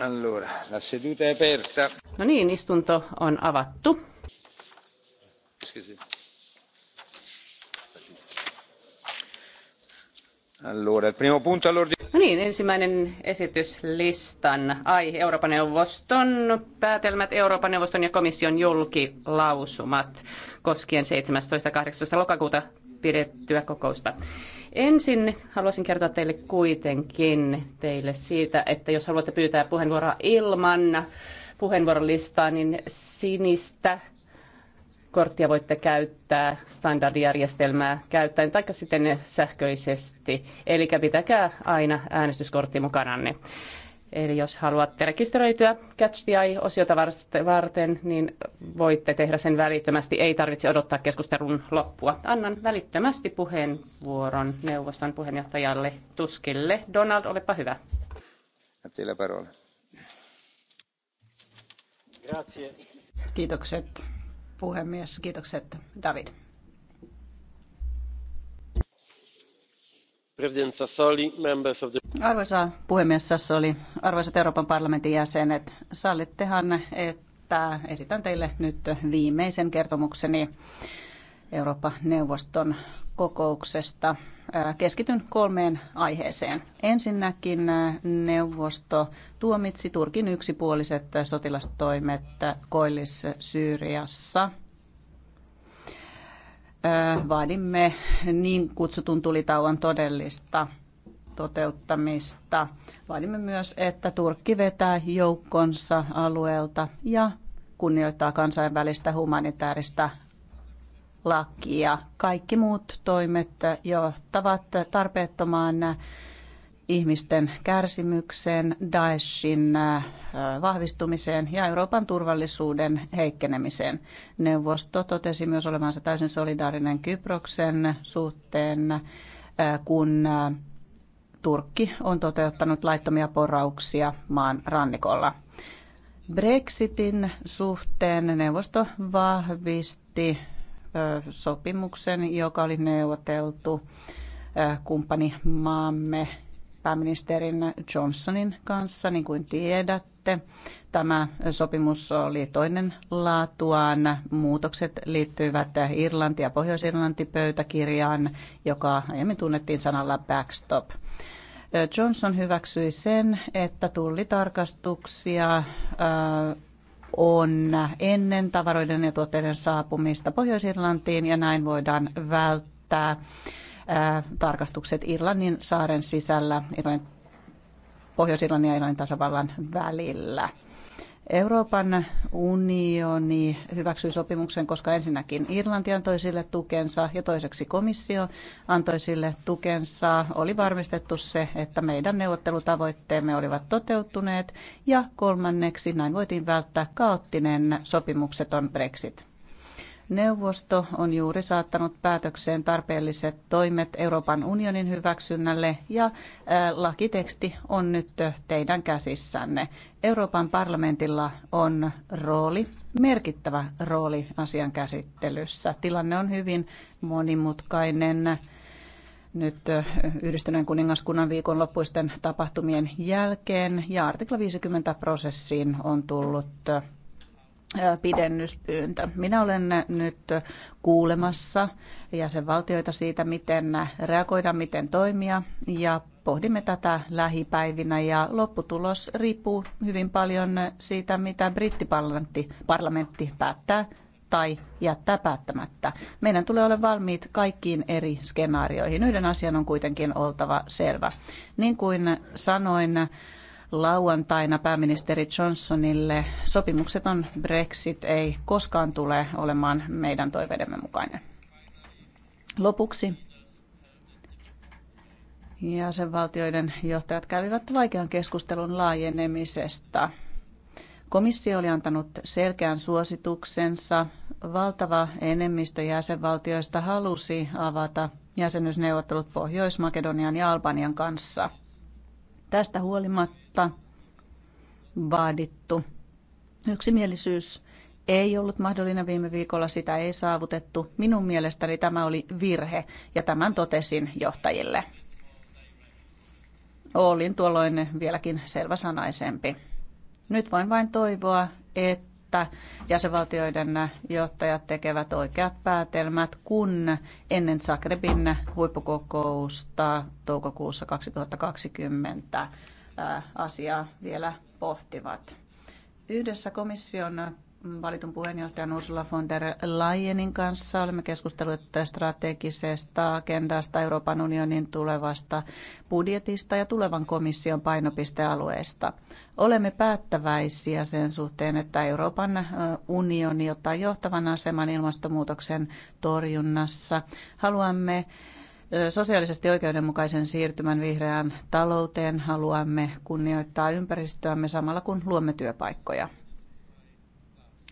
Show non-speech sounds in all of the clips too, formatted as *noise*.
Allora, la seduta è aperta. No niin, istunto on avattu. Allora, il primo punto all'ordine. No niin, ensimmäinen esityslistan aihe Euroopan neuvoston päätelmät Euroopan neuvoston ja komission julkilausumat koskien 17.18. lokakuuta pidettyä kokousta. Ensin haluaisin kertoa teille kuitenkin teille siitä, että jos haluatte pyytää puheenvuoroa ilman puheenvuorolistaa, niin sinistä korttia voitte käyttää standardijärjestelmää käyttäen tai sitten sähköisesti. Eli pitäkää aina äänestyskortti mukananne. Eli jos haluatte rekisteröityä Catch the Eye-osiota varten, niin voitte tehdä sen välittömästi. Ei tarvitse odottaa keskustelun loppua. Annan välittömästi puheenvuoron neuvoston puheenjohtajalle Tuskille. Donald, olepa hyvä. Teillä parola. Kiitokset puhemies, kiitokset David. Arvoisa puhemies Sassoli, arvoisat Euroopan parlamentin jäsenet, sallittehan, että esitän teille nyt viimeisen kertomukseni Euroopan neuvoston kokouksesta. Keskityn kolmeen aiheeseen. Ensinnäkin neuvosto tuomitsi Turkin yksipuoliset sotilastoimet Koillis-Syyriassa – vaadimme niin kutsutun tulitauon todellista toteuttamista. Vaadimme myös, että Turkki vetää joukkonsa alueelta ja kunnioittaa kansainvälistä humanitaarista lakia. Kaikki muut toimet johtavat tarpeettomaan ihmisten kärsimykseen, Daeshin äh, vahvistumiseen ja Euroopan turvallisuuden heikkenemiseen. Neuvosto totesi myös olevansa täysin solidaarinen Kyproksen suhteen, äh, kun äh, Turkki on toteuttanut laittomia porauksia maan rannikolla. Brexitin suhteen neuvosto vahvisti sopimuksen, joka oli neuvoteltu kumppanimaamme pääministerin Johnsonin kanssa, niin kuin tiedätte. Tämä sopimus oli toinen laatuaan. Muutokset liittyivät Irlanti- ja Pohjois-Irlanti pöytäkirjaan, joka aiemmin tunnettiin sanalla backstop. Johnson hyväksyi sen, että tullitarkastuksia on ennen tavaroiden ja tuotteiden saapumista Pohjois-Irlantiin ja näin voidaan välttää tarkastukset Irlannin saaren sisällä, Pohjois-Irlannin ja Irlannin tasavallan välillä. Euroopan unioni hyväksyi sopimuksen, koska ensinnäkin Irlanti antoi sille tukensa ja toiseksi komissio antoi sille tukensa. Oli varmistettu se, että meidän neuvottelutavoitteemme olivat toteutuneet ja kolmanneksi näin voitiin välttää kaoottinen sopimukseton Brexit. Neuvosto on juuri saattanut päätökseen tarpeelliset toimet Euroopan unionin hyväksynnälle ja äh, lakiteksti on nyt teidän käsissänne. Euroopan parlamentilla on rooli, merkittävä rooli asian käsittelyssä. Tilanne on hyvin monimutkainen nyt äh, yhdistyneen kuningaskunnan viikonloppuisten tapahtumien jälkeen ja artikla 50 prosessiin on tullut äh, pidennyspyyntö. Minä olen nyt kuulemassa jäsenvaltioita siitä, miten reagoida, miten toimia ja pohdimme tätä lähipäivinä ja lopputulos riippuu hyvin paljon siitä, mitä brittiparlamentti parlamentti päättää tai jättää päättämättä. Meidän tulee olla valmiit kaikkiin eri skenaarioihin. Yhden asian on kuitenkin oltava selvä. Niin kuin sanoin, lauantaina pääministeri Johnsonille. Sopimukset on Brexit ei koskaan tule olemaan meidän toiveidemme mukainen. Lopuksi jäsenvaltioiden johtajat kävivät vaikean keskustelun laajenemisesta. Komissio oli antanut selkeän suosituksensa. Valtava enemmistö jäsenvaltioista halusi avata jäsenyysneuvottelut Pohjois-Makedonian ja Albanian kanssa. Tästä huolimatta mutta vaadittu. Yksimielisyys ei ollut mahdollinen viime viikolla, sitä ei saavutettu. Minun mielestäni tämä oli virhe ja tämän totesin johtajille. Olin tuolloin vieläkin selväsanaisempi. Nyt voin vain toivoa, että jäsenvaltioiden johtajat tekevät oikeat päätelmät, kun ennen Zagrebin huippukokousta toukokuussa 2020 asiaa vielä pohtivat. Yhdessä komission valitun puheenjohtajan Ursula von der Leyenin kanssa olemme keskustelleet strategisesta agendasta, Euroopan unionin tulevasta budjetista ja tulevan komission painopistealueesta. Olemme päättäväisiä sen suhteen, että Euroopan unioni ottaa johtavan aseman ilmastonmuutoksen torjunnassa. Haluamme sosiaalisesti oikeudenmukaisen siirtymän vihreään talouteen. Haluamme kunnioittaa ympäristöämme samalla kun luomme työpaikkoja.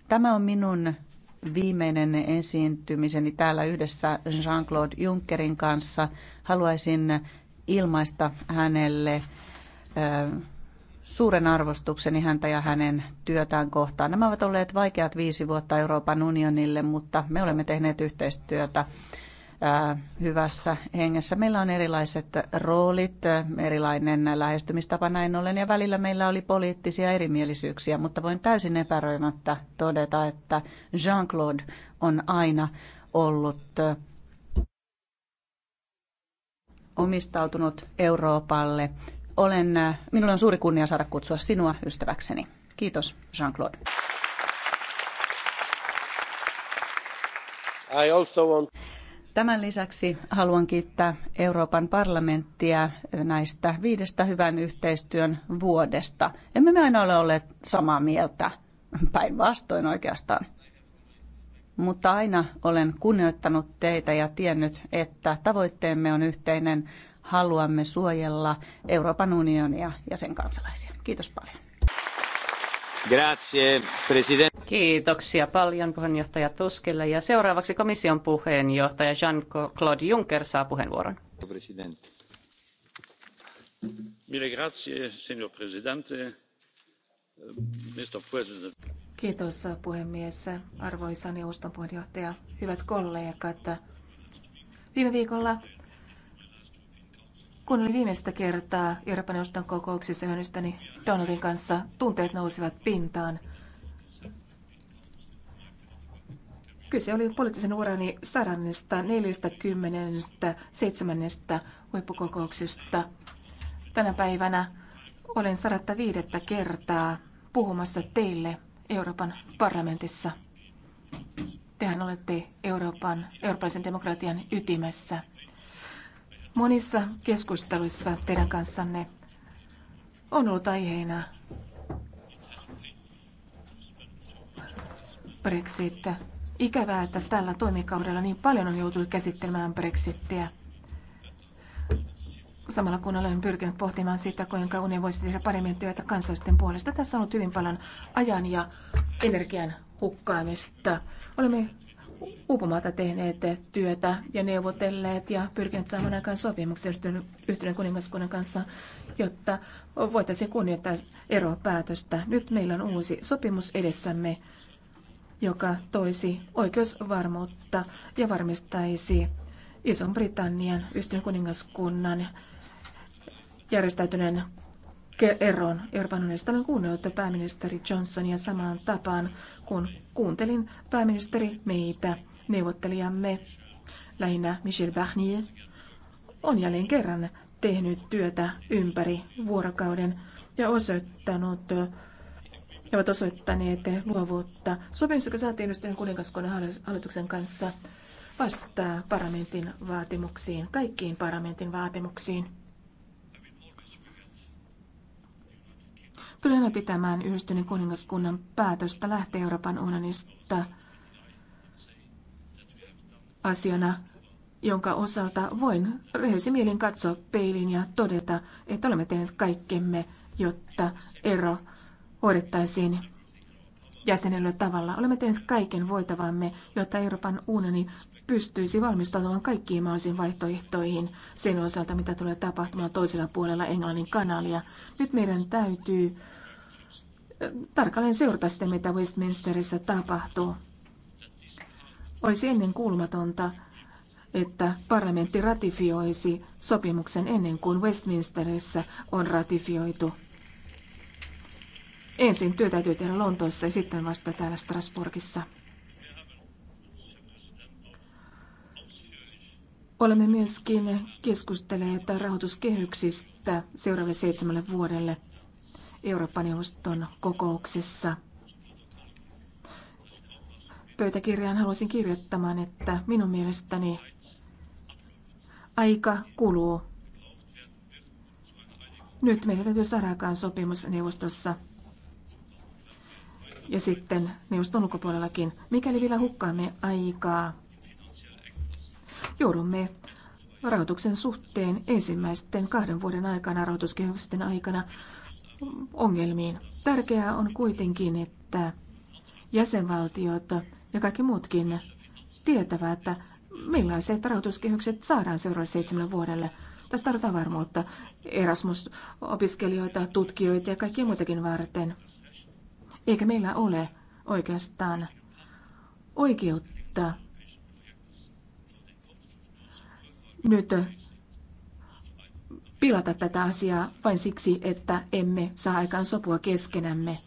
Tämä on minun viimeinen esiintymiseni täällä yhdessä Jean-Claude Junckerin kanssa. Haluaisin ilmaista hänelle suuren arvostukseni häntä ja hänen työtään kohtaan. Nämä ovat olleet vaikeat viisi vuotta Euroopan unionille, mutta me olemme tehneet yhteistyötä hyvässä hengessä. Meillä on erilaiset roolit, erilainen lähestymistapa näin ollen ja välillä meillä oli poliittisia erimielisyyksiä, mutta voin täysin epäröimättä todeta, että Jean-Claude on aina ollut omistautunut Euroopalle. Olen, minulla on suuri kunnia saada kutsua sinua ystäväkseni. Kiitos, Jean-Claude. I also want... Tämän lisäksi haluan kiittää Euroopan parlamenttia näistä viidestä hyvän yhteistyön vuodesta. Emme me aina ole olleet samaa mieltä, päinvastoin oikeastaan. Mutta aina olen kunnioittanut teitä ja tiennyt, että tavoitteemme on yhteinen. Haluamme suojella Euroopan unionia ja sen kansalaisia. Kiitos paljon. Kiitoksia paljon puheenjohtaja Tuskille. Ja seuraavaksi komission puheenjohtaja Jean-Claude Juncker saa puheenvuoron. President. Kiitos puhemies, arvoisa neuvoston puheenjohtaja, hyvät kollegat. Viime viikolla kun oli viimeistä kertaa Euroopan neuvoston kokouksessa yhdistäni Donaldin kanssa, tunteet nousivat pintaan. Kyse oli poliittisen urani 147. huippukokouksesta. Tänä päivänä olen 105. kertaa puhumassa teille Euroopan parlamentissa. Tehän olette Euroopan, eurooppalaisen demokratian ytimessä. Monissa keskusteluissa teidän kanssanne on ollut aiheena Brexit. Ikävää, että tällä toimikaudella niin paljon on joutunut käsittelemään Brexittiä. Samalla kun olen pyrkinyt pohtimaan sitä, kuinka unioni voisi tehdä paremmin työtä kansallisten puolesta, tässä on ollut hyvin paljon ajan ja energian hukkaamista. Olemme uupumata tehneet työtä ja neuvotelleet ja pyrkineet saamaan aikaan sopimuksen yhteyden kuningaskunnan kanssa, jotta voitaisiin kunnioittaa päätöstä. Nyt meillä on uusi sopimus edessämme, joka toisi oikeusvarmuutta ja varmistaisi Ison-Britannian yhteyden kuningaskunnan järjestäytyneen eroon Euroopan unionista. Olen kuunnellut pääministeri Johnsonia samaan tapaan, kun kuuntelin pääministeri meitä, neuvottelijamme, lähinnä Michel Barnier, on jälleen kerran tehnyt työtä ympäri vuorokauden ja osoittanut ja ovat osoittaneet luovuutta. Sopimus, joka saatiin ystävän kuninkaskunnan hallituksen kanssa, vastaa parlamentin vaatimuksiin, kaikkiin parlamentin vaatimuksiin. tulemme pitämään yhdistyneen kuningaskunnan päätöstä lähteä Euroopan unionista asiana, jonka osalta voin rehellisin mielin katsoa peilin ja todeta, että olemme tehneet kaikkemme, jotta ero hoidettaisiin jäsenellä tavalla. Olemme tehneet kaiken voitavamme, jotta Euroopan unioni pystyisi valmistautumaan kaikkiin mahdollisiin vaihtoehtoihin sen osalta, mitä tulee tapahtumaan toisella puolella Englannin kanalia. Nyt meidän täytyy tarkalleen seurata sitä, mitä Westminsterissä tapahtuu. Olisi ennen kuulumatonta, että parlamentti ratifioisi sopimuksen ennen kuin Westminsterissä on ratifioitu. Ensin työ täytyy tehdä Lontoossa ja sitten vasta täällä Strasbourgissa. Olemme myöskin keskustelleet rahoituskehyksistä seuraavalle seitsemälle vuodelle Euroopan neuvoston kokouksessa. Pöytäkirjaan haluaisin kirjoittamaan, että minun mielestäni aika kuluu. Nyt meidän täytyy saada aikaan sopimus neuvostossa ja sitten neuvoston ulkopuolellakin, mikäli vielä hukkaamme aikaa Joudumme rahoituksen suhteen ensimmäisten kahden vuoden aikana, rahoituskehysten aikana, ongelmiin. Tärkeää on kuitenkin, että jäsenvaltiot ja kaikki muutkin tietävät, että millaiset rahoituskehykset saadaan seuraavalle seitsemän vuodelle. Tässä tarvitaan varmuutta Erasmus-opiskelijoita, tutkijoita ja kaikkia muitakin varten. Eikä meillä ole oikeastaan oikeutta nyt äh, pilata tätä asiaa vain siksi, että emme saa aikaan sopua keskenämme.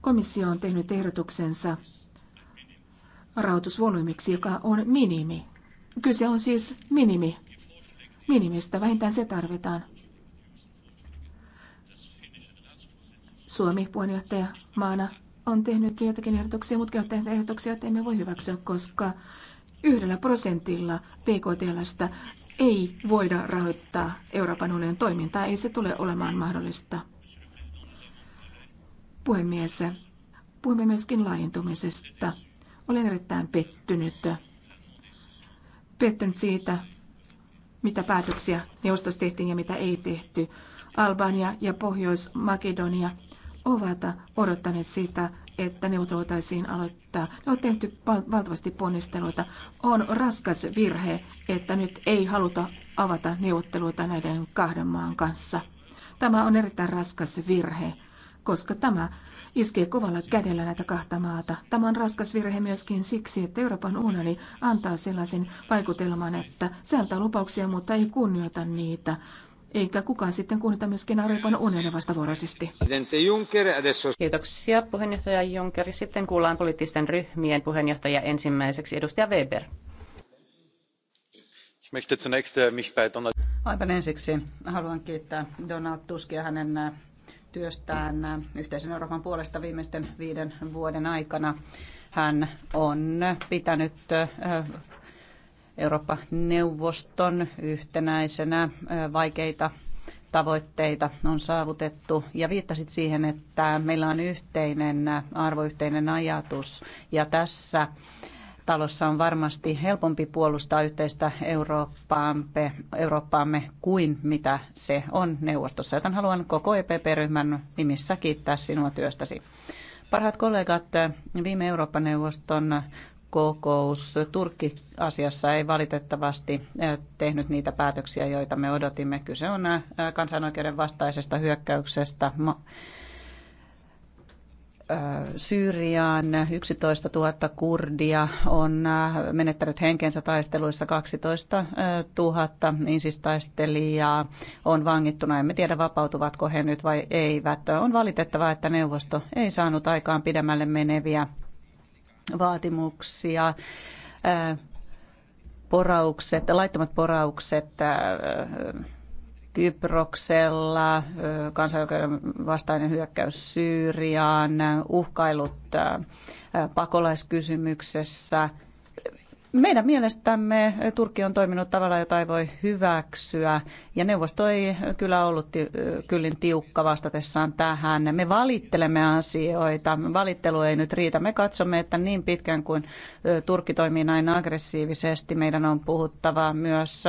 Komissio on tehnyt ehdotuksensa rahoitusvolyymiksi, joka on minimi. Kyse on siis minimi. Minimistä vähintään se tarvitaan. Suomi puheenjohtaja maana on tehnyt joitakin ehdotuksia, mutta on tehnyt ehdotuksia, että emme voi hyväksyä, koska Yhdellä prosentilla PKTLstä ei voida rahoittaa Euroopan unionin toimintaa, ei se tule olemaan mahdollista. Puhemies, puhumme myöskin laajentumisesta. Olen erittäin pettynyt. Pettynyt siitä, mitä päätöksiä neuvostossa tehtiin ja mitä ei tehty. Albania ja Pohjois-Makedonia ovat odottaneet sitä, että neuvottelut voitaisiin aloittaa. Ne on tehty valtavasti ponnisteluita. On raskas virhe, että nyt ei haluta avata neuvotteluita näiden kahden maan kanssa. Tämä on erittäin raskas virhe, koska tämä iskee kovalla kädellä näitä kahta maata. Tämä on raskas virhe myöskin siksi, että Euroopan unioni antaa sellaisen vaikutelman, että se antaa lupauksia, mutta ei kunnioita niitä eikä kukaan sitten kuunnita myöskin Euroopan unionin vastavuoroisesti. Kiitoksia puheenjohtaja Juncker. Sitten kuullaan poliittisten ryhmien puheenjohtaja ensimmäiseksi edustaja Weber. Äh, Aivan ensiksi haluan kiittää Donald Tuskia hänen äh, työstään äh, yhteisen Euroopan puolesta viimeisten viiden vuoden aikana. Hän on pitänyt Eurooppa-neuvoston yhtenäisenä vaikeita tavoitteita on saavutettu ja viittasit siihen, että meillä on yhteinen arvoyhteinen ajatus ja tässä talossa on varmasti helpompi puolustaa yhteistä Eurooppaamme, Eurooppaamme kuin mitä se on neuvostossa, joten haluan koko EPP-ryhmän nimissä kiittää sinua työstäsi. Parhaat kollegat, viime Eurooppa-neuvoston kokous Turkki-asiassa ei valitettavasti eh, tehnyt niitä päätöksiä, joita me odotimme. Kyse on eh, kansanoikeuden vastaisesta hyökkäyksestä eh, Syyriaan. 11 000 kurdia on menettänyt henkensä taisteluissa, 12 000 ISIS-taistelijaa on vangittuna. Emme tiedä, vapautuvatko he nyt vai eivät. On valitettavaa, että neuvosto ei saanut aikaan pidemmälle meneviä vaatimuksia. Äh, poraukset, laittomat poraukset äh, Kyproksella, äh, kansainvälinen vastainen hyökkäys Syyriaan, uhkailut pakolaiskysymyksessä – meidän mielestämme Turkki on toiminut tavalla, jota ei voi hyväksyä, ja neuvosto ei kyllä ollut ti- kyllin tiukka vastatessaan tähän. Me valittelemme asioita, valittelu ei nyt riitä. Me katsomme, että niin pitkään kuin Turkki toimii näin aggressiivisesti, meidän on puhuttava myös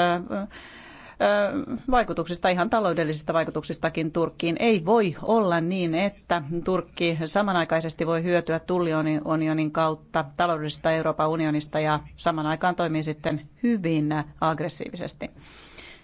vaikutuksista, ihan taloudellisista vaikutuksistakin Turkkiin. Ei voi olla niin, että Turkki samanaikaisesti voi hyötyä tulliunionin kautta taloudellisesta Euroopan unionista ja saman aikaan toimii sitten hyvin aggressiivisesti.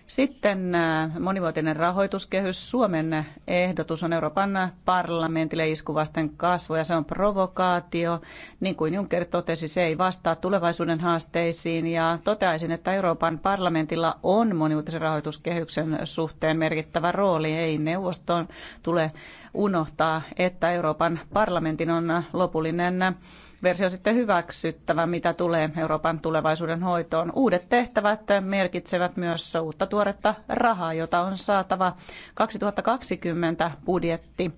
Sitten äh, monivuotinen rahoituskehys. Suomen ehdotus on Euroopan parlamentille iskuvasten kasvu ja se on provokaatio. Niin kuin Juncker totesi, se ei vastaa tulevaisuuden haasteisiin ja toteaisin, että Euroopan parlamentilla on monivuotisen rahoituskehyksen suhteen merkittävä rooli. Ei neuvoston tule unohtaa, että Euroopan parlamentin on lopullinen versio sitten hyväksyttävä, mitä tulee Euroopan tulevaisuuden hoitoon. Uudet tehtävät merkitsevät myös uutta tuoretta rahaa, jota on saatava 2020 budjetti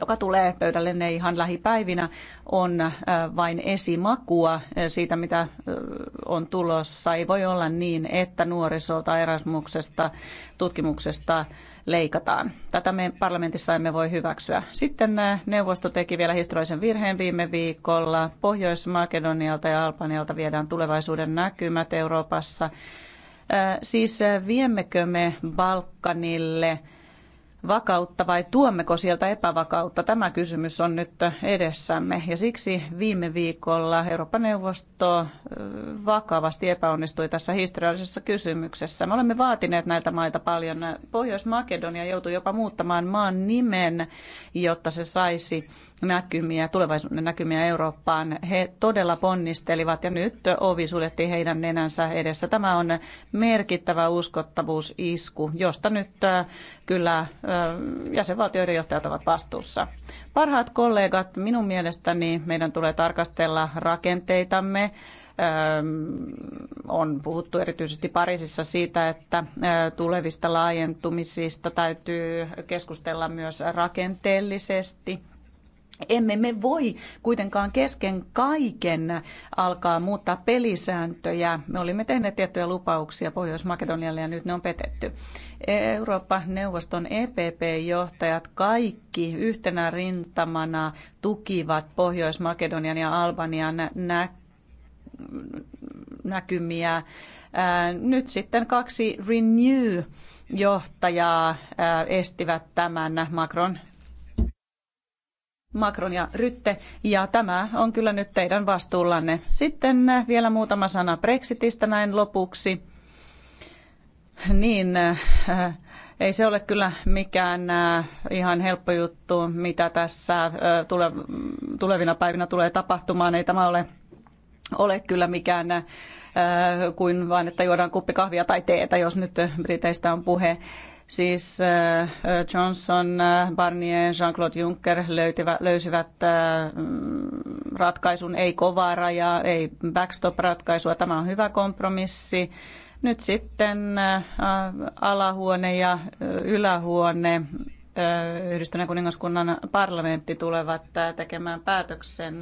joka tulee ne ihan lähipäivinä, on äh, vain esimakua äh, siitä, mitä äh, on tulossa. Ei voi olla niin, että nuorisolta, erasmuksesta, tutkimuksesta leikataan. Tätä me parlamentissa emme voi hyväksyä. Sitten äh, neuvosto teki vielä historiallisen virheen viime viikolla. Pohjois-Makedonialta ja Albanialta viedään tulevaisuuden näkymät Euroopassa. Äh, siis äh, viemmekö me Balkanille – vakautta vai tuommeko sieltä epävakautta? Tämä kysymys on nyt edessämme ja siksi viime viikolla Euroopan neuvosto vakavasti epäonnistui tässä historiallisessa kysymyksessä. Me olemme vaatineet näiltä mailta paljon. Pohjois-Makedonia joutui jopa muuttamaan maan nimen, jotta se saisi näkymiä, tulevaisuuden näkymiä Eurooppaan. He todella ponnistelivat ja nyt ovi suljettiin heidän nenänsä edessä. Tämä on merkittävä uskottavuusisku, josta nyt äh, kyllä äh, jäsenvaltioiden johtajat ovat vastuussa. Parhaat kollegat, minun mielestäni meidän tulee tarkastella rakenteitamme äh, on puhuttu erityisesti Pariisissa siitä, että tulevista laajentumisista täytyy keskustella myös rakenteellisesti – emme me voi kuitenkaan kesken kaiken alkaa muuttaa pelisääntöjä. Me olimme tehneet tiettyjä lupauksia Pohjois-Makedonialle ja nyt ne on petetty. Eurooppa-neuvoston EPP-johtajat kaikki yhtenä rintamana tukivat Pohjois-Makedonian ja Albanian nä- näkymiä. Nyt sitten kaksi Renew johtajaa estivät tämän. Macron Macron ja Rytte, ja tämä on kyllä nyt teidän vastuullanne. Sitten äh, vielä muutama sana Brexitistä näin lopuksi. Niin, äh, ei se ole kyllä mikään äh, ihan helppo juttu, mitä tässä äh, tulevina päivinä tulee tapahtumaan. Ei tämä ole, ole kyllä mikään kuin vain, että juodaan kuppi kahvia tai teetä, jos nyt Briteistä on puhe. Siis äh, Johnson, äh, Barnier, Jean-Claude Juncker löytivät, löysivät äh, mm, ratkaisun, ei kovaa rajaa, ei backstop-ratkaisua. Tämä on hyvä kompromissi. Nyt sitten alahuone ja ylähuone yhdistyneen kuningaskunnan parlamentti tulevat tekemään päätöksen.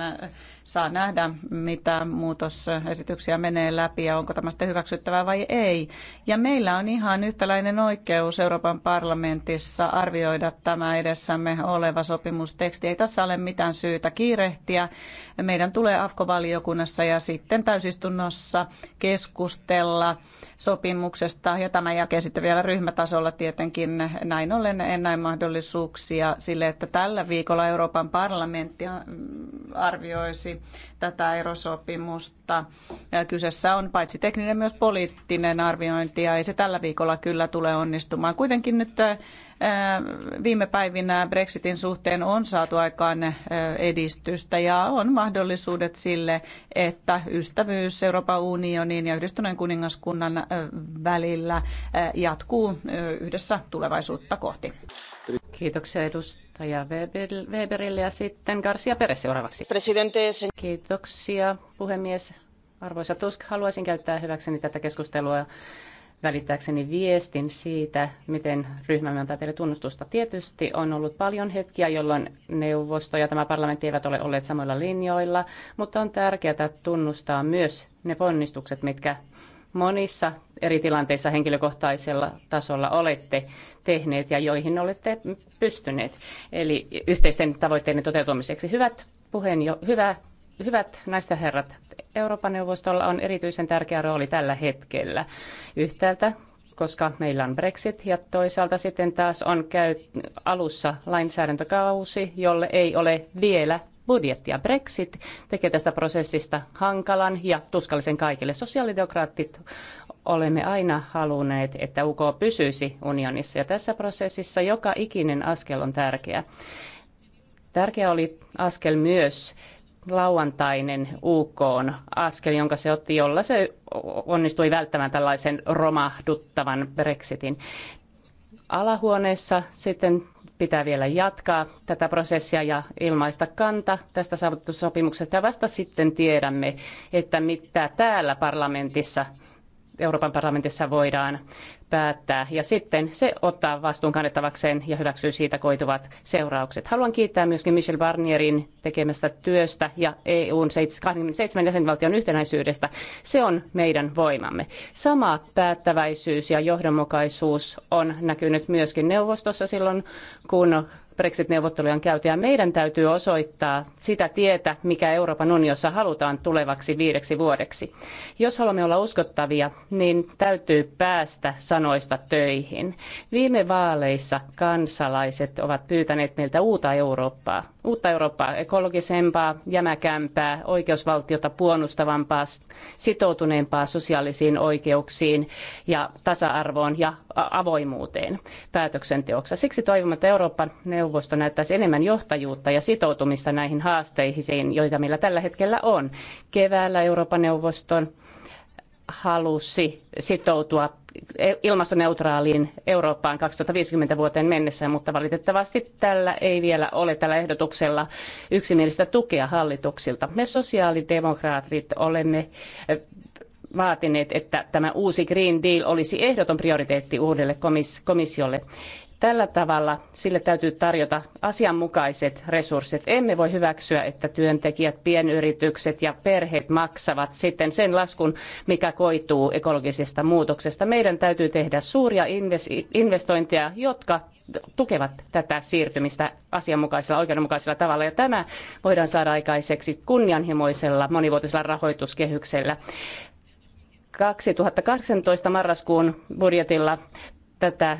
Saa nähdä, mitä muutosesityksiä menee läpi ja onko tämä sitten hyväksyttävää vai ei. Ja meillä on ihan yhtäläinen oikeus Euroopan parlamentissa arvioida tämä edessämme oleva sopimusteksti. Ei tässä ole mitään syytä kiirehtiä. Meidän tulee AFKO-valiokunnassa ja sitten täysistunnossa keskustella sopimuksesta ja tämän jälkeen sitten vielä ryhmätasolla tietenkin. Näin ollen en näin mahdollista mahdollisuuksia sille, että tällä viikolla Euroopan parlamentti arvioisi tätä erosopimusta. Kyseessä on paitsi tekninen myös poliittinen arviointi ja ei se tällä viikolla kyllä tule onnistumaan. Kuitenkin nyt viime päivinä Brexitin suhteen on saatu aikaan edistystä ja on mahdollisuudet sille, että ystävyys Euroopan unionin ja yhdistyneen kuningaskunnan välillä jatkuu yhdessä tulevaisuutta kohti. Kiitoksia edustaja Weberille ja sitten Garcia Perez seuraavaksi. Kiitoksia puhemies. Arvoisa Tusk, haluaisin käyttää hyväkseni tätä keskustelua välittääkseni viestin siitä, miten ryhmämme antaa teille tunnustusta. Tietysti on ollut paljon hetkiä, jolloin neuvosto ja tämä parlamentti eivät ole olleet samoilla linjoilla, mutta on tärkeää tunnustaa myös ne ponnistukset, mitkä monissa eri tilanteissa henkilökohtaisella tasolla olette tehneet ja joihin olette pystyneet. Eli yhteisten tavoitteiden toteutumiseksi hyvät puheenjo- hyvä Hyvät naiset ja herrat, Euroopan neuvostolla on erityisen tärkeä rooli tällä hetkellä. Yhtäältä koska meillä on Brexit ja toisaalta sitten taas on käy alussa lainsäädäntökausi, jolle ei ole vielä budjettia. Brexit tekee tästä prosessista hankalan ja tuskallisen kaikille. Sosiaalidemokraattit olemme aina halunneet, että UK pysyisi unionissa ja tässä prosessissa joka ikinen askel on tärkeä. Tärkeä oli askel myös lauantainen UK on askel, jonka se otti, jolla se onnistui välttämään tällaisen romahduttavan Brexitin. Alahuoneessa sitten pitää vielä jatkaa tätä prosessia ja ilmaista kanta tästä saavutetusta sopimuksesta. Ja vasta sitten tiedämme, että mitä täällä parlamentissa – Euroopan parlamentissa voidaan päättää. Ja sitten se ottaa vastuun kannettavakseen ja hyväksyy siitä koituvat seuraukset. Haluan kiittää myöskin Michel Barnierin tekemästä työstä ja EUn 27 jäsenvaltion yhtenäisyydestä. Se on meidän voimamme. Sama päättäväisyys ja johdonmukaisuus on näkynyt myöskin neuvostossa silloin, kun Brexit-neuvotteluja on käyty ja meidän täytyy osoittaa sitä tietä, mikä Euroopan unionissa halutaan tulevaksi viideksi vuodeksi. Jos haluamme olla uskottavia, niin täytyy päästä sanoista töihin. Viime vaaleissa kansalaiset ovat pyytäneet meiltä uutta Eurooppaa. Uutta Eurooppaa ekologisempaa, jämäkämpää, oikeusvaltiota puolustavampaa, sitoutuneempaa sosiaalisiin oikeuksiin ja tasa-arvoon ja avoimuuteen päätöksenteossa. Siksi toivomme, että Euroopan neuvosto neuvosto näyttäisi enemmän johtajuutta ja sitoutumista näihin haasteisiin, joita meillä tällä hetkellä on. Keväällä Euroopan neuvoston halusi sitoutua ilmastoneutraaliin Eurooppaan 2050 vuoteen mennessä, mutta valitettavasti tällä ei vielä ole tällä ehdotuksella yksimielistä tukea hallituksilta. Me sosiaalidemokraatit olemme eh, vaatineet, että tämä uusi Green Deal olisi ehdoton prioriteetti uudelle komissiolle. Tällä tavalla sille täytyy tarjota asianmukaiset resurssit. Emme voi hyväksyä, että työntekijät, pienyritykset ja perheet maksavat sitten sen laskun, mikä koituu ekologisesta muutoksesta. Meidän täytyy tehdä suuria investointeja, jotka tukevat tätä siirtymistä asianmukaisella, oikeudenmukaisella tavalla. Ja tämä voidaan saada aikaiseksi kunnianhimoisella monivuotisella rahoituskehyksellä. 2018 marraskuun budjetilla tätä,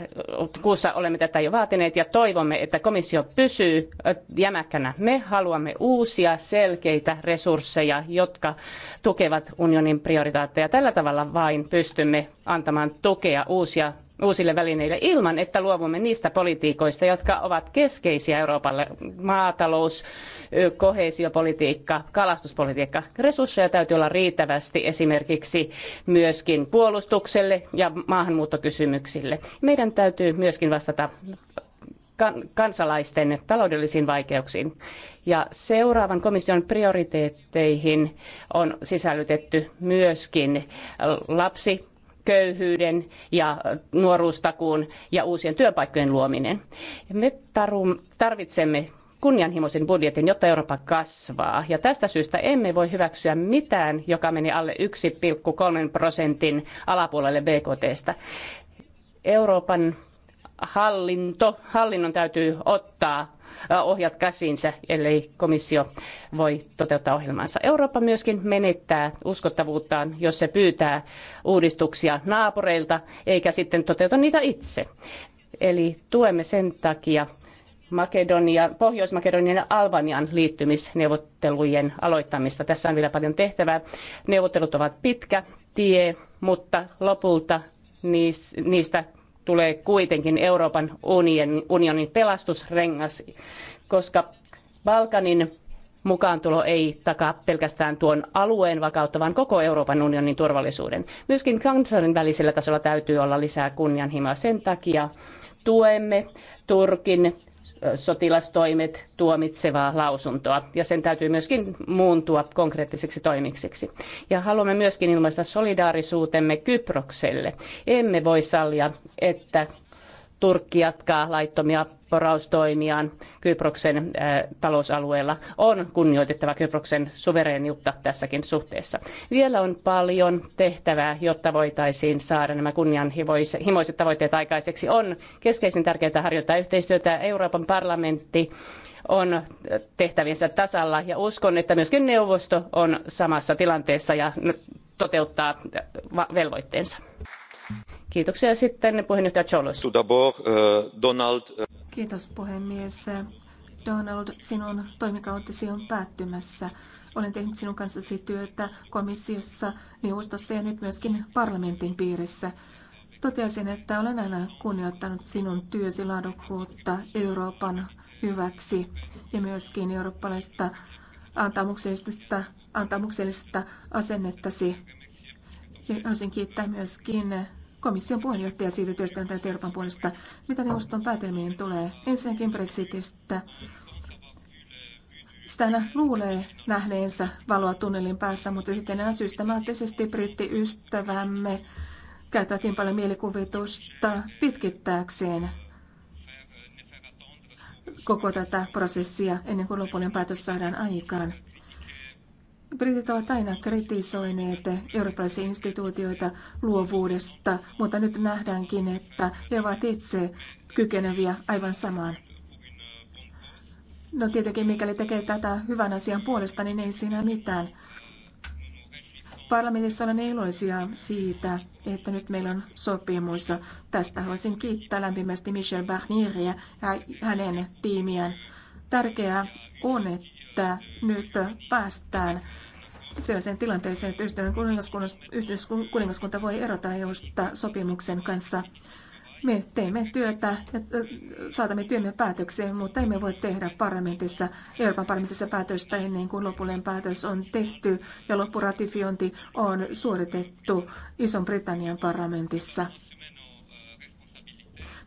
kuussa olemme tätä jo vaatineet ja toivomme, että komissio pysyy jämäkkänä. Me haluamme uusia selkeitä resursseja, jotka tukevat unionin prioriteetteja. Tällä tavalla vain pystymme antamaan tukea uusia uusille välineille ilman, että luovumme niistä politiikoista, jotka ovat keskeisiä Euroopalle. Maatalous, koheesiopolitiikka, kalastuspolitiikka. Resursseja täytyy olla riittävästi esimerkiksi myöskin puolustukselle ja maahanmuuttokysymyksille. Meidän täytyy myöskin vastata kansalaisten taloudellisiin vaikeuksiin. Ja seuraavan komission prioriteetteihin on sisällytetty myöskin lapsi köyhyyden ja nuoruustakuun ja uusien työpaikkojen luominen. Me tarvitsemme kunnianhimoisen budjetin, jotta Eurooppa kasvaa. Ja tästä syystä emme voi hyväksyä mitään, joka meni alle 1,3 prosentin alapuolelle BKTstä. Euroopan hallinto, hallinnon täytyy ottaa ohjat käsiinsä, ellei komissio voi toteuttaa ohjelmansa. Eurooppa myöskin menettää uskottavuuttaan, jos se pyytää uudistuksia naapureilta eikä sitten toteuta niitä itse. Eli tuemme sen takia Makedonia, Pohjois-Makedonian ja Albanian liittymisneuvottelujen aloittamista. Tässä on vielä paljon tehtävää. Neuvottelut ovat pitkä tie, mutta lopulta niistä tulee kuitenkin Euroopan unionin pelastusrengas, koska Balkanin mukaantulo ei takaa pelkästään tuon alueen vakautta, vaan koko Euroopan unionin turvallisuuden. Myöskin kansainvälisellä tasolla täytyy olla lisää kunnianhimoa. Sen takia tuemme Turkin sotilastoimet tuomitsevaa lausuntoa, ja sen täytyy myöskin muuntua konkreettisiksi toimiksiksi. Ja haluamme myöskin ilmaista solidaarisuutemme Kyprokselle. Emme voi sallia, että Turkki jatkaa laittomia poraustoimiaan Kyproksen äh, talousalueella, on kunnioitettava Kyproksen suvereeniutta tässäkin suhteessa. Vielä on paljon tehtävää, jotta voitaisiin saada nämä kunnianhimoiset tavoitteet aikaiseksi. On keskeisen tärkeää harjoittaa yhteistyötä. Euroopan parlamentti on tehtäviensä tasalla ja uskon, että myöskin neuvosto on samassa tilanteessa ja toteuttaa äh, velvoitteensa. Kiitoksia sitten puheenjohtaja Cholos. Uh, Donald. Uh, Kiitos puhemies. Donald, sinun toimikautesi on päättymässä. Olen tehnyt sinun kanssasi työtä komissiossa, neuvostossa ja nyt myöskin parlamentin piirissä. Totesin, että olen aina kunnioittanut sinun työsi laadukkuutta Euroopan hyväksi ja myöskin eurooppalaista antamuksellista antamuksellista asennettasi. Ja haluaisin kiittää myöskin komission puheenjohtaja siitä työstäntä Euroopan puolesta. Mitä neuvoston päätelmiin tulee? Ensinnäkin Brexitistä. aina luulee nähneensä valoa tunnelin päässä, mutta sitten nämä systemaattisesti brittiystävämme käyttävät paljon mielikuvitusta pitkittääkseen koko tätä prosessia ennen kuin lopullinen päätös saadaan aikaan. Britit ovat aina kritisoineet eurooppalaisia instituutioita luovuudesta, mutta nyt nähdäänkin, että he ovat itse kykeneviä aivan samaan. No tietenkin, mikäli tekee tätä hyvän asian puolesta, niin ei siinä mitään. Parlamentissa olemme iloisia siitä, että nyt meillä on sopimus. Tästä haluaisin kiittää lämpimästi Michel Barnieria ja hänen tiimiään. Tärkeää on, että että nyt päästään sellaiseen tilanteeseen, että yhdistyneen kuningaskunta voi erota EU-sta sopimuksen kanssa. Me teemme työtä ja saatamme työmme päätökseen, mutta emme voi tehdä parlamentissa, Euroopan parlamentissa päätöstä ennen kuin lopullinen päätös on tehty ja loppuratifiointi on suoritettu Ison-Britannian parlamentissa.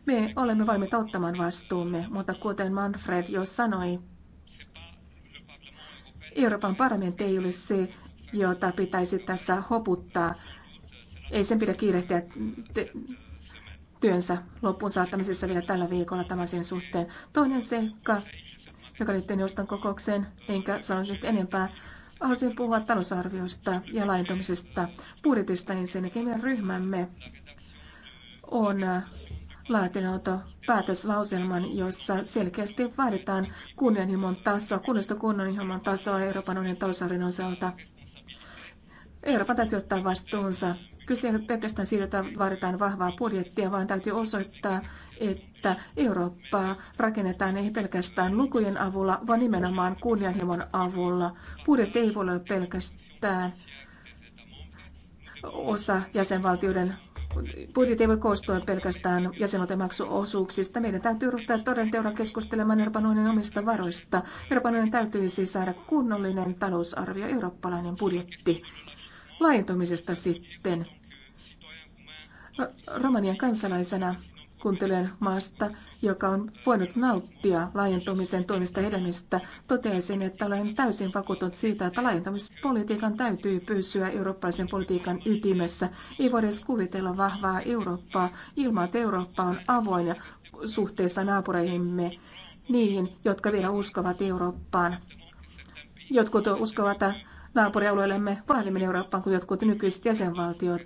Me olemme valmiita ottamaan vastuumme, mutta kuten Manfred jo sanoi, Euroopan parlamentti ei ole se, jota pitäisi tässä hoputtaa. Ei sen pidä kiirehtiä työnsä loppuun saattamisessa vielä tällä viikolla tämän sen suhteen. Toinen seikka, joka liittyy neuvoston kokoukseen, enkä sano nyt enempää, haluaisin puhua talousarviosta ja laajentumisesta budjetista ensinnäkin. Meidän ryhmämme on laatinut päätöslauselman, jossa selkeästi vaaditaan kunnianhimon tasoa, kunnosta kunnianhimon tasoa Euroopan unionin talousarvion osalta. Euroopan täytyy ottaa vastuunsa. Kyse ei ole pelkästään siitä, että vaaditaan vahvaa budjettia, vaan täytyy osoittaa, että Eurooppaa rakennetaan ei pelkästään lukujen avulla, vaan nimenomaan kunnianhimon avulla. Budjetti ei voi olla pelkästään osa jäsenvaltioiden budjetti ei voi koostua pelkästään jäsenvaltion Meidän täytyy ryhtyä toden teura keskustelemaan Euroopan unionin omista varoista. Euroopan unionin täytyy siis saada kunnollinen talousarvio, eurooppalainen budjetti. Laajentumisesta sitten. Romanian kansalaisena kuuntelijan maasta, joka on voinut nauttia laajentumisen tuomista hedelmistä, toteaisin, että olen täysin vakuutunut siitä, että laajentamispolitiikan täytyy pysyä eurooppalaisen politiikan ytimessä. Ei voida edes kuvitella vahvaa Eurooppaa ilman, että Eurooppa on avoin suhteessa naapureihimme, niihin, jotka vielä uskovat Eurooppaan. Jotkut uskovat naapurialueellemme vahvemmin Eurooppaan kuin jotkut nykyiset jäsenvaltiot.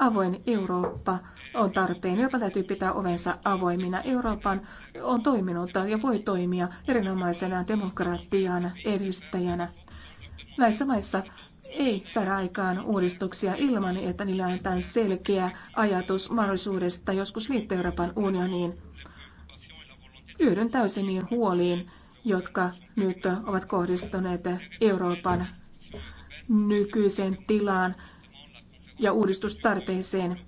Avoin Eurooppa on tarpeen. Jopa täytyy pitää ovensa avoimina. Euroopan on toiminut ja voi toimia erinomaisena demokratian edistäjänä. Näissä maissa ei saada aikaan uudistuksia ilman, että niillä annetaan selkeä ajatus mahdollisuudesta joskus liittyä Euroopan unioniin. Yhdyn täysin niin huoliin, jotka nyt ovat kohdistuneet Euroopan nykyiseen tilaan ja uudistustarpeeseen,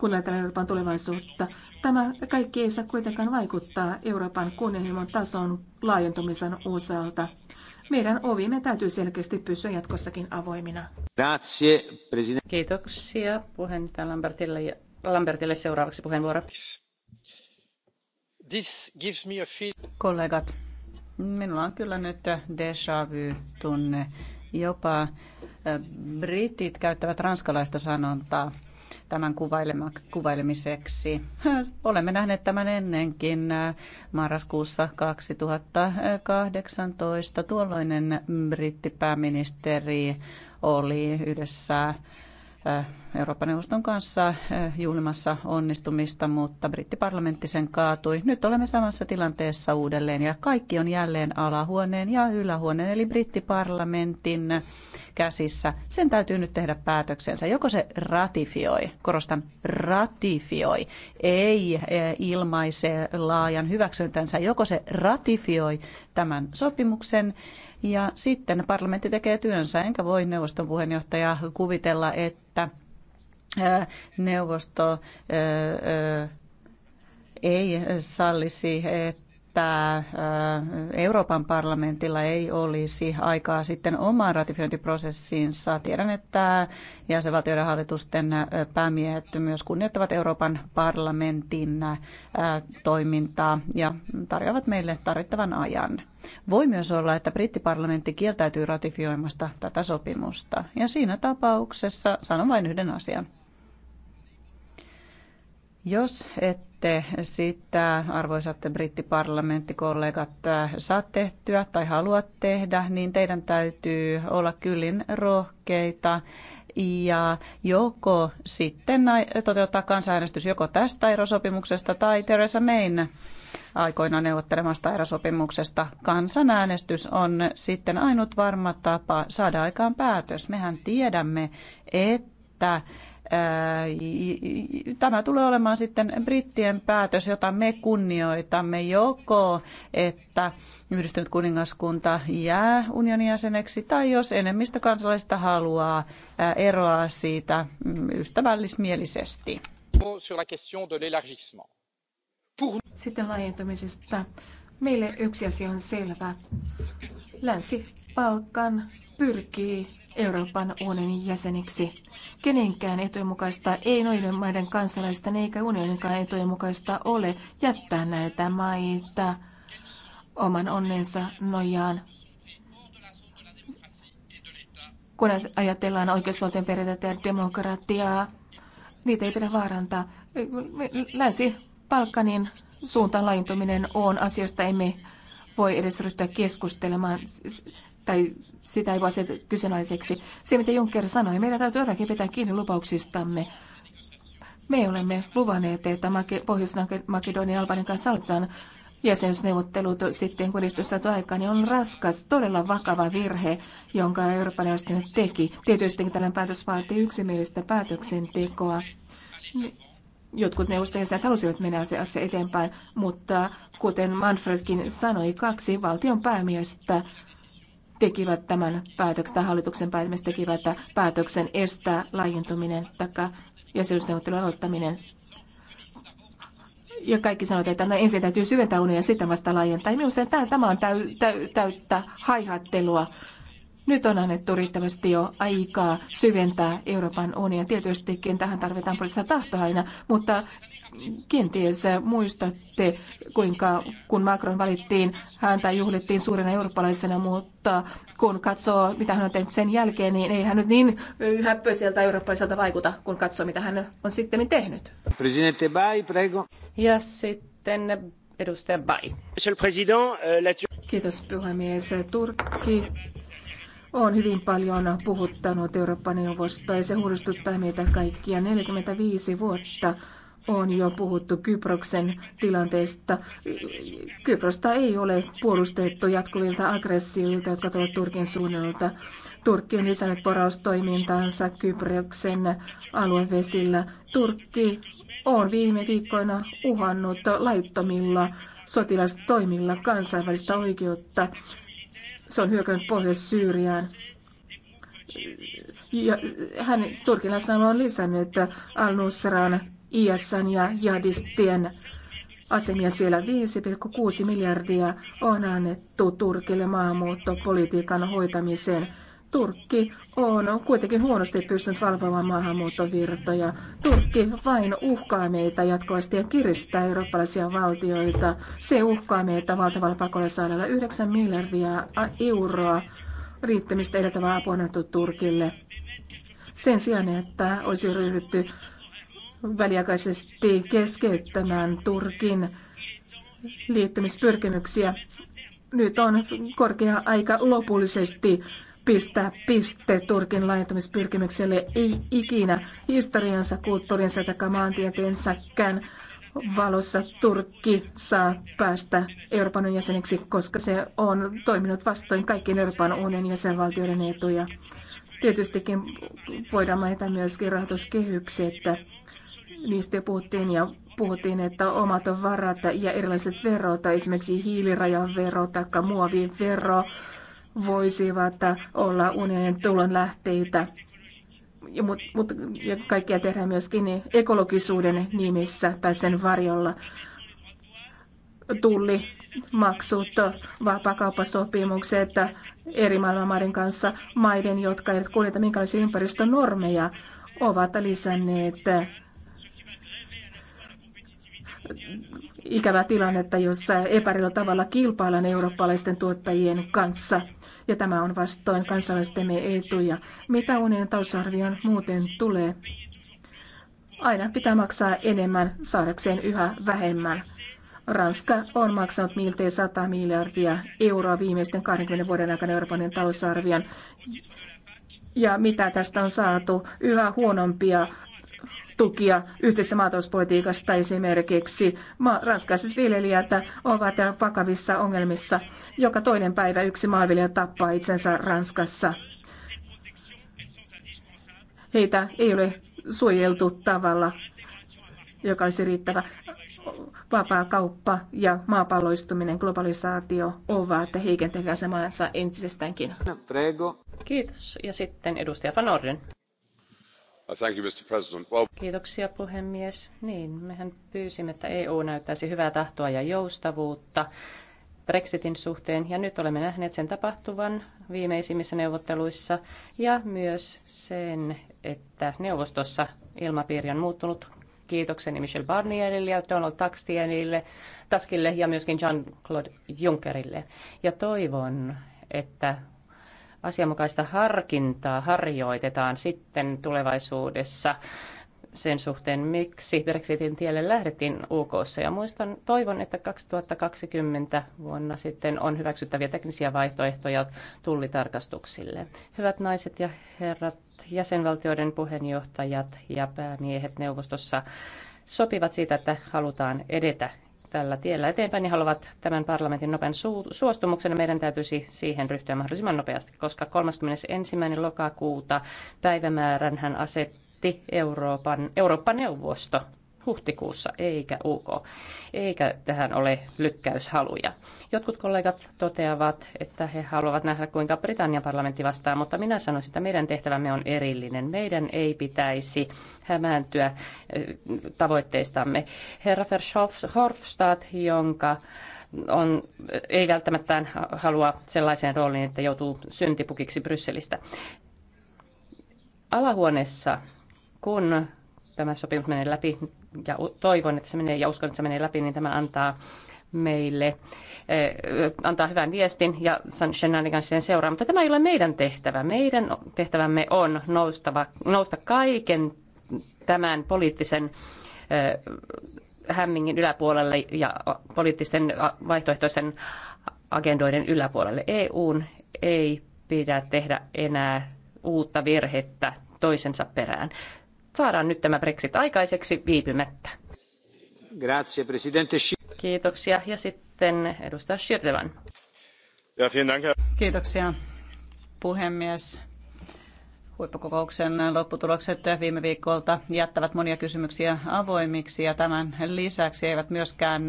kun ajatellaan Euroopan tulevaisuutta. Tämä kaikki ei saa kuitenkaan vaikuttaa Euroopan kunnianhimon tason laajentumisen osalta. Meidän ovimme täytyy selkeästi pysyä jatkossakin avoimina. Grazie, Kiitoksia puheenjohtaja Lambertille, ja Lambertille seuraavaksi puheenvuoro. This gives me a feel... Kollegat, minulla on kyllä nyt déjà vu-tunne. Jopa britit käyttävät ranskalaista sanontaa tämän kuvailemiseksi. Olemme nähneet tämän ennenkin marraskuussa 2018. Tuolloinen brittipääministeri oli yhdessä Äh, Euroopan neuvoston kanssa äh, juhlimassa onnistumista, mutta brittiparlamentti sen kaatui. Nyt olemme samassa tilanteessa uudelleen ja kaikki on jälleen alahuoneen ja ylähuoneen eli brittiparlamentin käsissä. Sen täytyy nyt tehdä päätöksensä. Joko se ratifioi, korostan ratifioi, ei äh, ilmaise laajan hyväksyntänsä, joko se ratifioi tämän sopimuksen ja sitten parlamentti tekee työnsä, enkä voi neuvoston puheenjohtaja kuvitella, että neuvosto ei sallisi, että että Euroopan parlamentilla ei olisi aikaa sitten omaan ratifiointiprosessiinsa. Tiedän, että jäsenvaltioiden hallitusten päämiehet myös kunnioittavat Euroopan parlamentin toimintaa ja tarjoavat meille tarvittavan ajan. Voi myös olla, että brittiparlamentti kieltäytyy ratifioimasta tätä sopimusta. Ja siinä tapauksessa sanon vain yhden asian. Jos ette sitä, arvoisat brittiparlamenttikollegat, saa tehtyä tai haluat tehdä, niin teidän täytyy olla kyllin rohkeita ja joko sitten toteuttaa kansanäänestys joko tästä erosopimuksesta tai Theresa Mayn aikoina neuvottelemasta erosopimuksesta. Kansanäänestys on sitten ainut varma tapa saada aikaan päätös. Mehän tiedämme, että Tämä tulee olemaan sitten brittien päätös, jota me kunnioitamme joko, että yhdistynyt kuningaskunta jää unionin jäseneksi, tai jos enemmistö kansalaista haluaa eroa siitä mm, ystävällismielisesti. Sitten laajentamisesta. Meille yksi asia on selvä. Länsi-Balkan pyrkii Euroopan unionin jäseniksi. Kenenkään etujen mukaista ei noiden maiden kansalaisten eikä unioninkaan etujen mukaista ole jättää näitä maita oman onnensa nojaan. Kun ajatellaan oikeusvaltion periaatteita ja demokratiaa, niitä ei pidä vaarantaa. Länsi-Balkanin suuntaan laajentuminen on asioista emme voi edes ryhtyä keskustelemaan tai sitä ei voi asettaa kyseenalaiseksi. Se, mitä Juncker sanoi, meidän täytyy todellakin pitää kiinni lupauksistamme. Me olemme luvanneet, että Pohjois-Makedonian ja Albanian kanssa aloitetaan jäsenyysneuvottelut sitten, kun istus saatu aikaa, niin on raskas, todella vakava virhe, jonka Euroopan neuvosto nyt teki. Tietysti tällainen päätös vaatii yksimielistä päätöksentekoa. Jotkut neuvostojäsenet halusivat mennä asiassa eteenpäin, mutta kuten Manfredkin sanoi, kaksi valtion päämiestä tekivät tämän päätöksen, tai hallituksen päätöksen tekivät päätöksen estää laajentuminen tai jäsenyysneuvottelujen aloittaminen. Ja kaikki sanovat, että no ensin täytyy syventää unia ja sitten vasta laajentaa. Minusta tämä on täy, täy, täyttä haihattelua. Nyt on annettu riittävästi jo aikaa syventää Euroopan unionia. Tietystikin tähän tarvitaan poliittista tahtoa aina, mutta Kenties muistatte, kuinka kun Macron valittiin, häntä juhlittiin suurena eurooppalaisena, mutta kun katsoo, mitä hän on tehnyt sen jälkeen, niin ei hän nyt niin häppöiseltä eurooppalaiselta vaikuta, kun katsoo, mitä hän on sitten tehnyt. Presidente Bay, prego. Ja sitten edustaja Bay. Monsieur le Président, euh, la... Kiitos puhemies. Turkki on hyvin paljon puhuttanut Euroopan neuvostoa ja se huolestuttaa meitä kaikkia 45 vuotta on jo puhuttu Kyproksen tilanteesta. Kyprosta ei ole puolustettu jatkuvilta aggressioilta, jotka tulevat Turkin suunnalta. Turkki on lisännyt poraustoimintaansa Kyproksen aluevesillä. Turkki on viime viikkoina uhannut laittomilla sotilastoimilla kansainvälistä oikeutta. Se on hyökännyt pohjois syyriään Ja hän turkilaisena on lisännyt al-Nusran ISN ja jihadistien asemia siellä 5,6 miljardia on annettu Turkille maahanmuuttopolitiikan hoitamiseen. Turkki on kuitenkin huonosti pystynyt valvomaan maahanmuuttovirtoja. Turkki vain uhkaa meitä jatkuvasti ja kiristää eurooppalaisia valtioita. Se uhkaa meitä valtavalla pakolaisaalalla 9 miljardia euroa riittämistä edeltävää apua Turkille. Sen sijaan, että olisi ryhdytty väliaikaisesti keskeyttämään Turkin liittymispyrkimyksiä. Nyt on korkea aika lopullisesti pistää piste Turkin laajentumispyrkimykselle ei ikinä historiansa, kulttuurinsa tai maantieteensäkään valossa Turkki saa päästä Euroopan jäseneksi, koska se on toiminut vastoin kaikkien Euroopan unionin jäsenvaltioiden etuja. Tietystikin voidaan mainita myöskin rahoituskehykset, niistä puhuttiin ja puhuttiin, että omat varat ja erilaiset verot, esimerkiksi hiilirajan vero tai muovin vero, voisivat olla unionin tulonlähteitä. Ja, mut, mut, ja kaikkea tehdään myöskin ekologisuuden nimissä tai sen varjolla. Tulli, maksut, vapakauppasopimukset eri maailmanmaiden kanssa, maiden, jotka eivät kuljeta minkälaisia ympäristönormeja, ovat lisänneet ikävää tilannetta, jossa epärillä tavalla kilpaillaan eurooppalaisten tuottajien kanssa. Ja tämä on vastoin kansalaistemme etuja. Mitä unionin talousarvioon muuten tulee? Aina pitää maksaa enemmän saadakseen yhä vähemmän. Ranska on maksanut miltei 100 miljardia euroa viimeisten 20 vuoden aikana Euroopan talousarvion. Ja mitä tästä on saatu? Yhä huonompia tukia yhteisestä maatalouspolitiikasta esimerkiksi. Ranskalaiset viljelijät ovat vakavissa ongelmissa. Joka toinen päivä yksi maanviljelijä tappaa itsensä Ranskassa. Heitä ei ole suojeltu tavalla, joka olisi riittävä. Vapaa kauppa ja maapalloistuminen, globalisaatio ovat heikentäneet asemaansa entisestäänkin. Kiitos. Ja sitten edustaja Van Orden. Uh, Kiitoksia puhemies. Niin, mehän pyysimme, että EU näyttäisi hyvää tahtoa ja joustavuutta Brexitin suhteen, ja nyt olemme nähneet sen tapahtuvan viimeisimmissä neuvotteluissa, ja myös sen, että neuvostossa ilmapiiri on muuttunut. Kiitokseni Michel Barnierille ja Donald Tuskienille, Taskille ja myöskin Jean-Claude Junckerille. Ja toivon, että asianmukaista harkintaa harjoitetaan sitten tulevaisuudessa sen suhteen, miksi Brexitin tielle lähdettiin UK. Ja muistan, toivon, että 2020 vuonna sitten on hyväksyttäviä teknisiä vaihtoehtoja tullitarkastuksille. Hyvät naiset ja herrat, jäsenvaltioiden puheenjohtajat ja päämiehet neuvostossa sopivat siitä, että halutaan edetä tällä tiellä eteenpäin ja haluavat tämän parlamentin nopean su- suostumuksen. Meidän täytyisi siihen ryhtyä mahdollisimman nopeasti, koska 31. lokakuuta päivämäärän hän asetti Euroopan, Eurooppa-neuvosto huhtikuussa, eikä UK, eikä tähän ole lykkäyshaluja. Jotkut kollegat toteavat, että he haluavat nähdä, kuinka Britannian parlamentti vastaa, mutta minä sanoisin, että meidän tehtävämme on erillinen. Meidän ei pitäisi hämääntyä eh, tavoitteistamme. Herra Verhofstadt, jonka on, eh, ei välttämättä halua sellaiseen rooliin, että joutuu syntipukiksi Brysselistä. Alahuoneessa, kun tämä sopimus menee läpi, ja toivon, että se menee ja uskon, että se menee läpi, niin tämä antaa meille, eh, antaa hyvän viestin ja Shenanigan sen seuraa. Mutta tämä ei ole meidän tehtävä. Meidän tehtävämme on noustava, nousta kaiken tämän poliittisen eh, hämmingin yläpuolelle ja poliittisten vaihtoehtoisen agendoiden yläpuolelle. EUn ei pidä tehdä enää uutta virhettä toisensa perään saadaan nyt tämä Brexit aikaiseksi viipymättä. Grazie, presidente. Kiitoksia. Ja sitten edustaja Schirtevan. Kiitoksia, puhemies. Huippukokouksen lopputulokset viime viikolta jättävät monia kysymyksiä avoimiksi ja tämän lisäksi eivät myöskään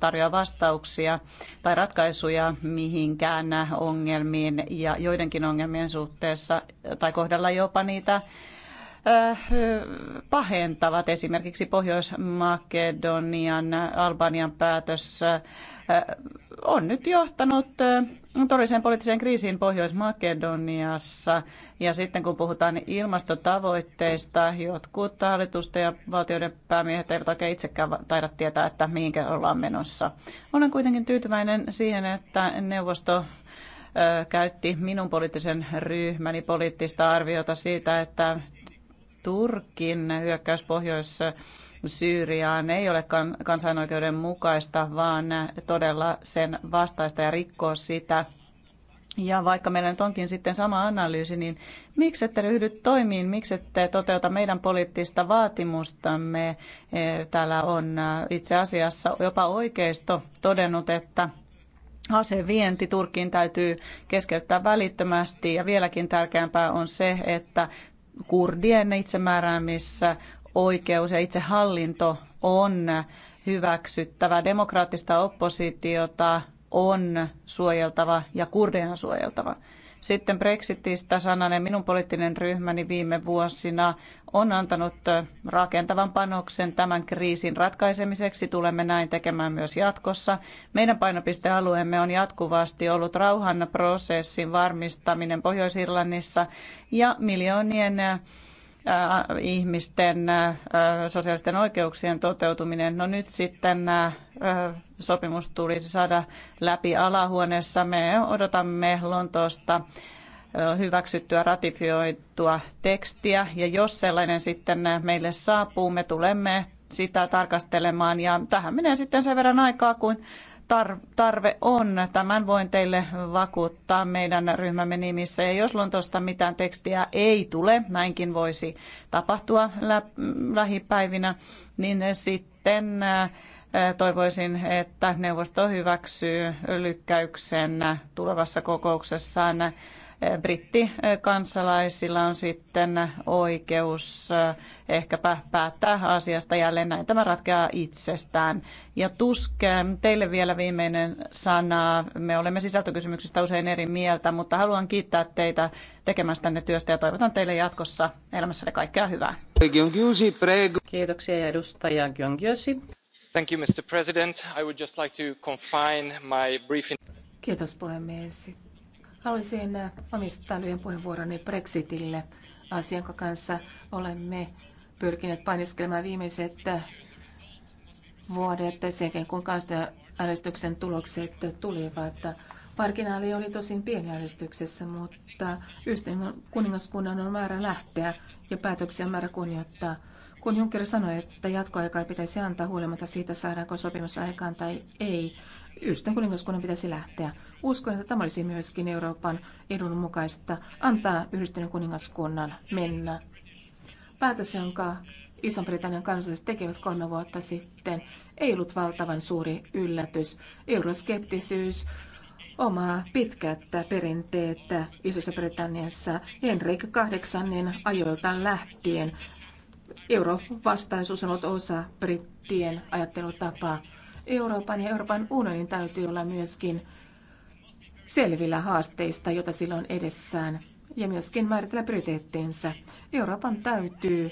tarjoa vastauksia tai ratkaisuja mihinkään ongelmiin ja joidenkin ongelmien suhteessa tai kohdella jopa niitä pahentavat. Esimerkiksi Pohjois-Makedonian, Albanian päätös on nyt johtanut todelliseen poliittiseen kriisiin Pohjois-Makedoniassa. Ja sitten kun puhutaan ilmastotavoitteista, jotkut hallitusten ja valtioiden päämiehet eivät oikein itsekään taida tietää, että mihinkä ollaan menossa. Olen kuitenkin tyytyväinen siihen, että neuvosto käytti minun poliittisen ryhmäni poliittista arviota siitä, että Turkin hyökkäys pohjois Syyriaan ei ole kan- kansainoikeuden mukaista, vaan todella sen vastaista ja rikkoo sitä. Ja vaikka meillä nyt onkin sitten sama analyysi, niin miksi ette ryhdy toimiin, miksi ette toteuta meidän poliittista vaatimustamme? E, täällä on itse asiassa jopa oikeisto todennut, että asevienti Turkkiin täytyy keskeyttää välittömästi ja vieläkin tärkeämpää on se, että kurdien itsemääräämissä oikeus ja itsehallinto on hyväksyttävä. Demokraattista oppositiota on suojeltava ja kurdeja on suojeltava. Sitten Brexitistä sananen minun poliittinen ryhmäni viime vuosina on antanut rakentavan panoksen tämän kriisin ratkaisemiseksi. Tulemme näin tekemään myös jatkossa. Meidän painopistealueemme on jatkuvasti ollut rauhan prosessin varmistaminen Pohjois-Irlannissa ja miljoonien ihmisten sosiaalisten oikeuksien toteutuminen. No nyt sitten sopimus tulisi saada läpi alahuoneessa. Me odotamme Lontoosta hyväksyttyä, ratifioitua tekstiä. Ja jos sellainen sitten meille saapuu, me tulemme sitä tarkastelemaan. Ja tähän menee sitten sen verran aikaa, kun tarve on. Tämän voin teille vakuuttaa meidän ryhmämme nimissä. Ja jos Lontosta mitään tekstiä ei tule, näinkin voisi tapahtua lähipäivinä, niin sitten äh, toivoisin, että neuvosto hyväksyy lykkäyksen tulevassa kokouksessaan brittikansalaisilla on sitten oikeus eh, ehkäpä päättää asiasta jälleen näin. Tämä ratkeaa itsestään. Ja tuskin eh, teille vielä viimeinen sana. Me olemme sisältökysymyksistä usein eri mieltä, mutta haluan kiittää teitä tekemästänne työstä ja toivotan teille jatkossa elämässäne kaikkea hyvää. Kiitoksia edustaja Gyongyosi. Thank you, Mr. President. I would just like to confine my briefing. Kiitos puhemies Haluaisin äh, omistaa lyhyen puheenvuoroni Brexitille, asian, jonka kanssa olemme pyrkineet painiskelemaan viimeiset äh, vuodet sen kun kansanäänestyksen tulokset tulivat. Marginaali oli tosin pieni äänestyksessä, mutta yhteen kuningaskunnan on määrä lähteä ja päätöksiä on määrä kunnioittaa. Kun Juncker sanoi, että jatkoaikaa pitäisi antaa huolimatta siitä, saadaanko sopimus aikaan tai ei, Yhdistön kuningaskunnan pitäisi lähteä. Uskon, että tämä olisi myöskin Euroopan edun mukaista antaa yhdistyneen kuningaskunnan mennä. Päätös, jonka Ison-Britannian kansalaiset tekevät kolme vuotta sitten, ei ollut valtavan suuri yllätys. Euroskeptisyys omaa pitkät perinteet Isossa Britanniassa Henrik VIII ajoilta lähtien. Eurovastaisuus on ollut osa brittien ajattelutapaa. Euroopan ja Euroopan unionin täytyy olla myöskin selvillä haasteista, joita sillä on edessään, ja myöskin määritellä prioriteetteinsa. Euroopan täytyy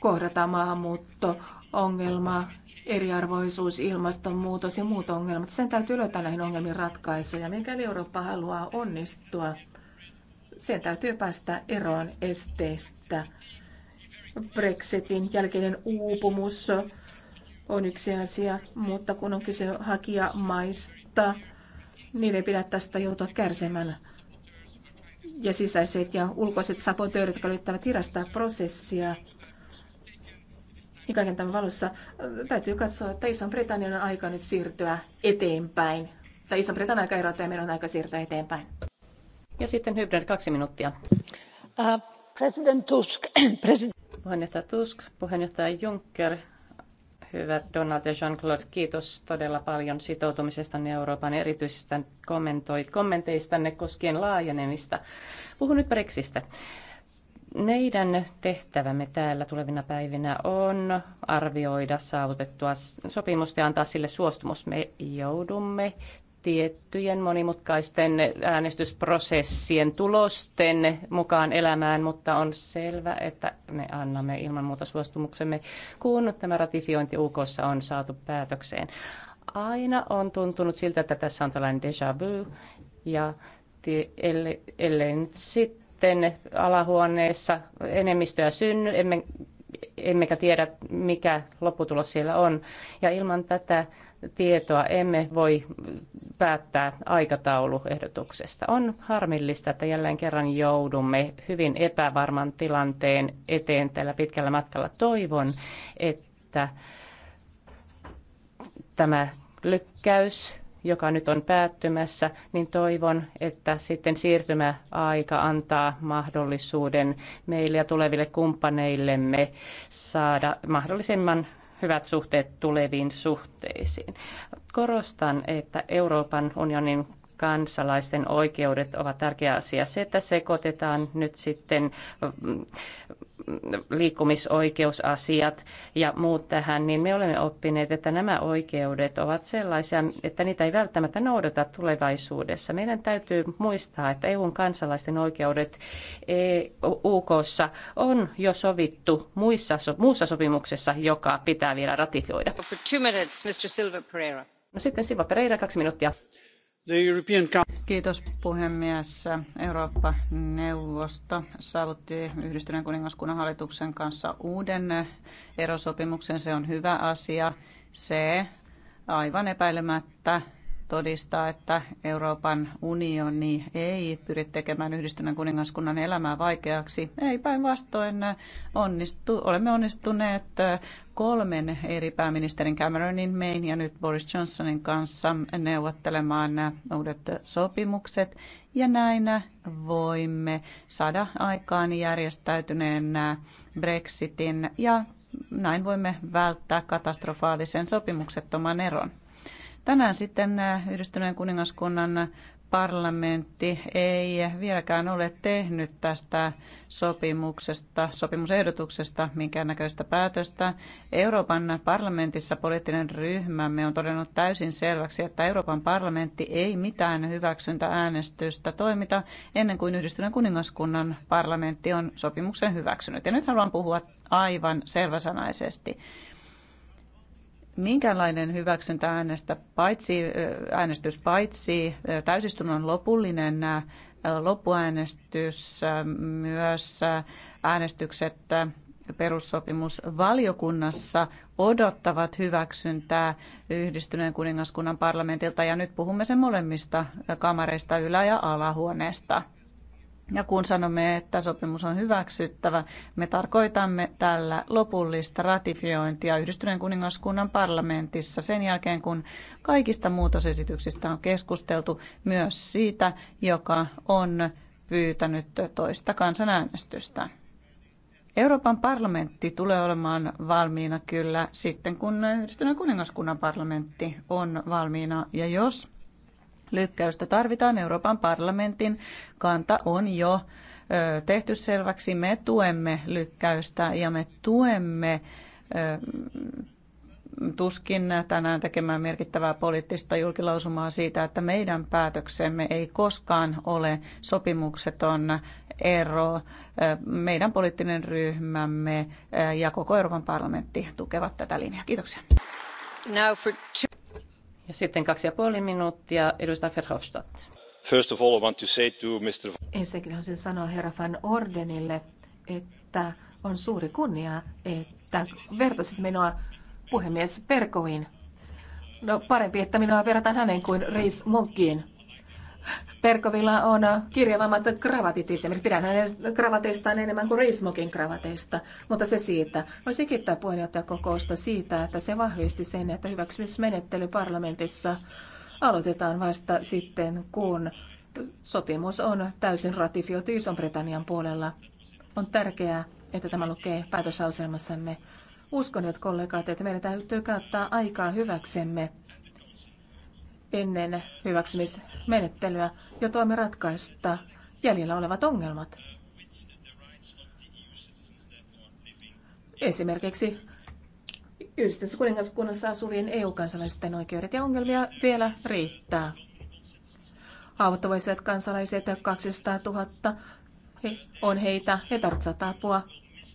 kohdata maahanmuutto, ongelma, eriarvoisuus, ilmastonmuutos ja muut ongelmat. Sen täytyy löytää näihin ongelmiin ratkaisuja. Mikäli Eurooppa haluaa onnistua, sen täytyy päästä eroon esteistä. Brexitin jälkeinen uupumus on yksi asia, mutta kun on kyse hakijamaista, niin ei pidä tästä joutua kärsimään. Ja sisäiset ja ulkoiset sabotöörit, jotka yrittävät hidastaa prosessia, niin kaiken tämän valossa äh, täytyy katsoa, että Ison-Britannian on aika nyt siirtyä eteenpäin. Tai Ison-Britannian aika erottaa ja meidän on aika siirtyä eteenpäin. Ja sitten Hybrid, kaksi minuuttia. Uh, president Tusk. *coughs* president... Puheenjohtaja Tusk, puheenjohtaja Juncker, Hyvät Donald ja Jean-Claude, kiitos todella paljon sitoutumisestanne Euroopan erityisistä kommenteistanne koskien laajenemista. Puhun nyt Brexistä. Meidän tehtävämme täällä tulevina päivinä on arvioida saavutettua sopimusta ja antaa sille suostumus. Me joudumme tiettyjen monimutkaisten äänestysprosessien tulosten mukaan elämään, mutta on selvä, että me annamme ilman muuta suostumuksemme, kun tämä ratifiointi UK on saatu päätökseen. Aina on tuntunut siltä, että tässä on tällainen déjà vu, ja ellei, ellei nyt sitten alahuoneessa enemmistöä synny, emme, emmekä tiedä mikä lopputulos siellä on. Ja ilman tätä tietoa emme voi päättää aikatauluehdotuksesta. On harmillista, että jälleen kerran joudumme hyvin epävarman tilanteen eteen tällä pitkällä matkalla. Toivon, että tämä lykkäys, joka nyt on päättymässä, niin toivon, että sitten siirtymäaika antaa mahdollisuuden meille ja tuleville kumppaneillemme saada mahdollisimman hyvät suhteet tuleviin suhteisiin. Korostan, että Euroopan unionin kansalaisten oikeudet ovat tärkeä asia. Se, että sekoitetaan nyt sitten mm, liikkumisoikeusasiat ja muut tähän, niin me olemme oppineet, että nämä oikeudet ovat sellaisia, että niitä ei välttämättä noudata tulevaisuudessa. Meidän täytyy muistaa, että EUn kansalaisten oikeudet e UK on jo sovittu muissa, muussa sopimuksessa, joka pitää vielä ratifioida. No sitten Silva Pereira, kaksi minuuttia Kiitos puhemies. Eurooppa-neuvosto saavutti yhdistyneen kuningaskunnan hallituksen kanssa uuden erosopimuksen. Se on hyvä asia. Se aivan epäilemättä todistaa, että Euroopan unioni ei pyri tekemään yhdistyneen kuningaskunnan elämää vaikeaksi. Ei päinvastoin onnistu, olemme onnistuneet kolmen eri pääministerin Cameronin, Main ja nyt Boris Johnsonin kanssa neuvottelemaan uudet sopimukset. Ja näin voimme saada aikaan järjestäytyneen Brexitin ja näin voimme välttää katastrofaalisen sopimuksettoman eron. Tänään sitten äh, Yhdistyneen kuningaskunnan parlamentti ei vieläkään ole tehnyt tästä sopimuksesta, sopimusehdotuksesta minkäännäköistä päätöstä. Euroopan parlamentissa poliittinen ryhmämme on todennut täysin selväksi, että Euroopan parlamentti ei mitään hyväksyntääänestystä toimita ennen kuin yhdistyneen kuningaskunnan parlamentti on sopimuksen hyväksynyt. Ja nyt haluan puhua aivan selväsanaisesti minkäänlainen hyväksyntä äänestä paitsi, äänestys paitsi täysistunnon lopullinen loppuäänestys, myös äänestykset perussopimusvaliokunnassa odottavat hyväksyntää yhdistyneen kuningaskunnan parlamentilta ja nyt puhumme sen molemmista kamareista ylä- ja alahuoneesta. Ja kun sanomme, että sopimus on hyväksyttävä, me tarkoitamme tällä lopullista ratifiointia Yhdistyneen kuningaskunnan parlamentissa sen jälkeen, kun kaikista muutosesityksistä on keskusteltu, myös siitä, joka on pyytänyt toista kansanäänestystä. Euroopan parlamentti tulee olemaan valmiina kyllä sitten, kun Yhdistyneen kuningaskunnan parlamentti on valmiina. Ja jos lykkäystä tarvitaan. Euroopan parlamentin kanta on jo tehty selväksi. Me tuemme lykkäystä ja me tuemme tuskin tänään tekemään merkittävää poliittista julkilausumaa siitä, että meidän päätöksemme ei koskaan ole sopimukseton ero. Meidän poliittinen ryhmämme ja koko Euroopan parlamentti tukevat tätä linjaa. Kiitoksia. Ja sitten kaksi ja puoli minuuttia edustaja Verhofstadt. First of all, I want to say to Mr. Ensinnäkin haluaisin sanoa herra Van Ordenille, että on suuri kunnia, että vertasit minua puhemies Perkoin. No parempi, että minua verrataan häneen kuin Reis Monkkiin. Perkovilla on kirjavammat kravatit esimerkiksi. Pidän hänen kravateistaan enemmän kuin Rismokin kravateista, mutta se siitä. Voisi kiittää puheenjohtajakokousta siitä, että se vahvisti sen, että hyväksymismenettely parlamentissa aloitetaan vasta sitten, kun sopimus on täysin ratifioitu iso britannian puolella. On tärkeää, että tämä lukee päätösasemassamme. Uskon, että kollegat, että meidän täytyy käyttää aikaa hyväksemme ennen hyväksymismenettelyä, ja toimi ratkaista jäljellä olevat ongelmat. Esimerkiksi yhdistyssä kuningaskunnassa asuvien EU-kansalaisten oikeudet ja ongelmia vielä riittää. Haavoittuvaiset kansalaiset, 200 000 he, on heitä, he tarvitsevat apua.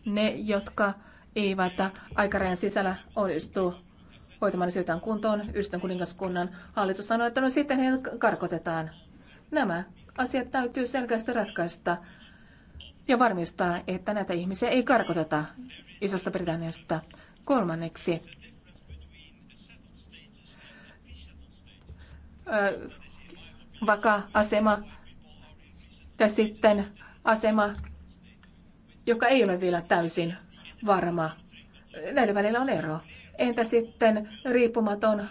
Ne, jotka eivät aikarajan sisällä onnistu hoitamaan siltaan kuntoon. Yhdistön kuningaskunnan hallitus sanoi, että no sitten heidät karkotetaan. Nämä asiat täytyy selkeästi ratkaista ja varmistaa, että näitä ihmisiä ei karkoteta Isosta Britanniasta. Kolmanneksi, vaka-asema tai sitten asema, joka ei ole vielä täysin varma. Näiden välillä on ero. Entä sitten riippumaton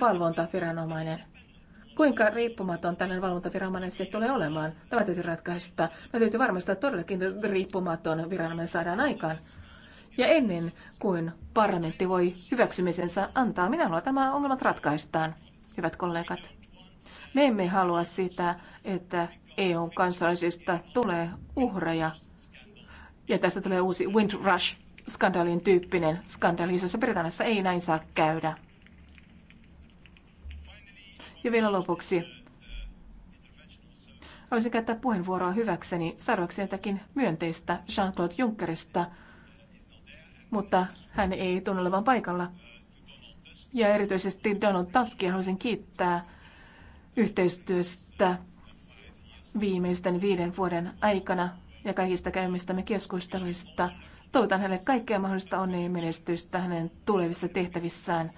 valvontaviranomainen? Kuinka riippumaton tällainen valvontaviranomainen se tulee olemaan? Tämä täytyy ratkaista. Tämä täytyy varmistaa, että todellakin riippumaton viranomainen saadaan aikaan. Ja ennen kuin parlamentti voi hyväksymisensä antaa, minä haluan tämä ongelmat ratkaistaan, hyvät kollegat. Me emme halua sitä, että EUn kansalaisista tulee uhreja ja tästä tulee uusi Windrush skandaalin tyyppinen skandaali isossa Britanniassa ei näin saa käydä. Ja vielä lopuksi. Haluaisin käyttää puheenvuoroa hyväkseni sanoakseni jotakin myönteistä Jean-Claude Junckerista, mutta hän ei tunnu olevan paikalla. Ja erityisesti Donald Tuskia haluaisin kiittää yhteistyöstä viimeisten viiden vuoden aikana ja kaikista käymistämme keskusteluista. Toivotan hänelle kaikkea mahdollista onnea ja menestystä hänen tulevissa tehtävissään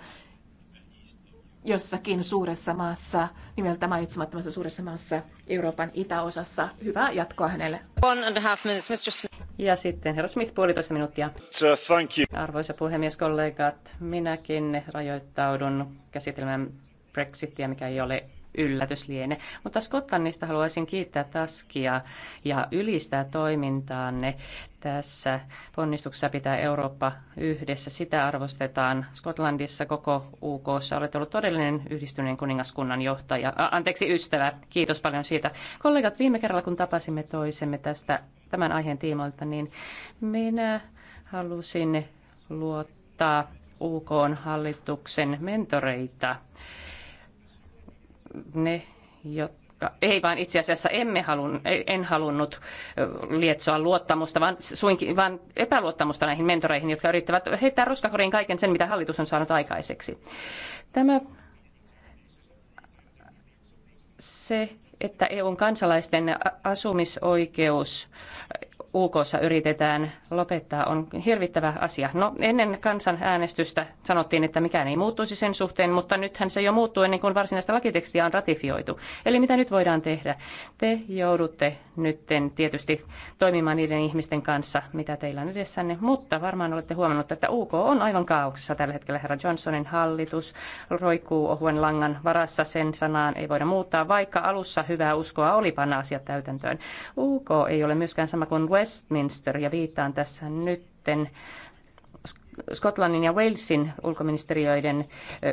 jossakin suuressa maassa, nimeltä mainitsemattomassa suuressa maassa Euroopan itäosassa. Hyvää jatkoa hänelle. One and a half minutes, Mr. Smith. Ja sitten herra Smith, puolitoista minuuttia. Sir, thank you. Arvoisa puhemies, kollegat, minäkin rajoittaudun käsittelemään Brexitia, mikä ei ole yllätys liene. Mutta Skotlannista haluaisin kiittää Taskia ja ylistää toimintaanne tässä ponnistuksessa pitää Eurooppa yhdessä. Sitä arvostetaan Skotlandissa koko UK. Olet ollut todellinen yhdistyneen kuningaskunnan johtaja, A, anteeksi ystävä. Kiitos paljon siitä. Kollegat, viime kerralla kun tapasimme toisemme tästä tämän aiheen tiimoilta, niin minä halusin luottaa UK-hallituksen mentoreita ne, jotka, ei vaan itse asiassa emme halun, en halunnut lietsoa luottamusta, vaan, suinkin, vaan epäluottamusta näihin mentoreihin, jotka yrittävät heittää roskakoriin kaiken sen, mitä hallitus on saanut aikaiseksi. Tämä se, että EUn kansalaisten asumisoikeus UK yritetään lopettaa, on hirvittävä asia. No, ennen kansanäänestystä sanottiin, että mikään ei muuttuisi sen suhteen, mutta nythän se jo muuttuu ennen kuin varsinaista lakitekstiä on ratifioitu. Eli mitä nyt voidaan tehdä? Te joudutte nyt tietysti toimimaan niiden ihmisten kanssa, mitä teillä on edessänne, mutta varmaan olette huomannut, että UK on aivan kaauksessa tällä hetkellä. Herra Johnsonin hallitus roikkuu ohuen langan varassa, sen sanaan ei voida muuttaa, vaikka alussa hyvää uskoa oli panna asiat täytäntöön. UK ei ole myöskään sama kuin Westminster ja viittaan tässä nytten Skotlannin ja Walesin ulkoministeriöiden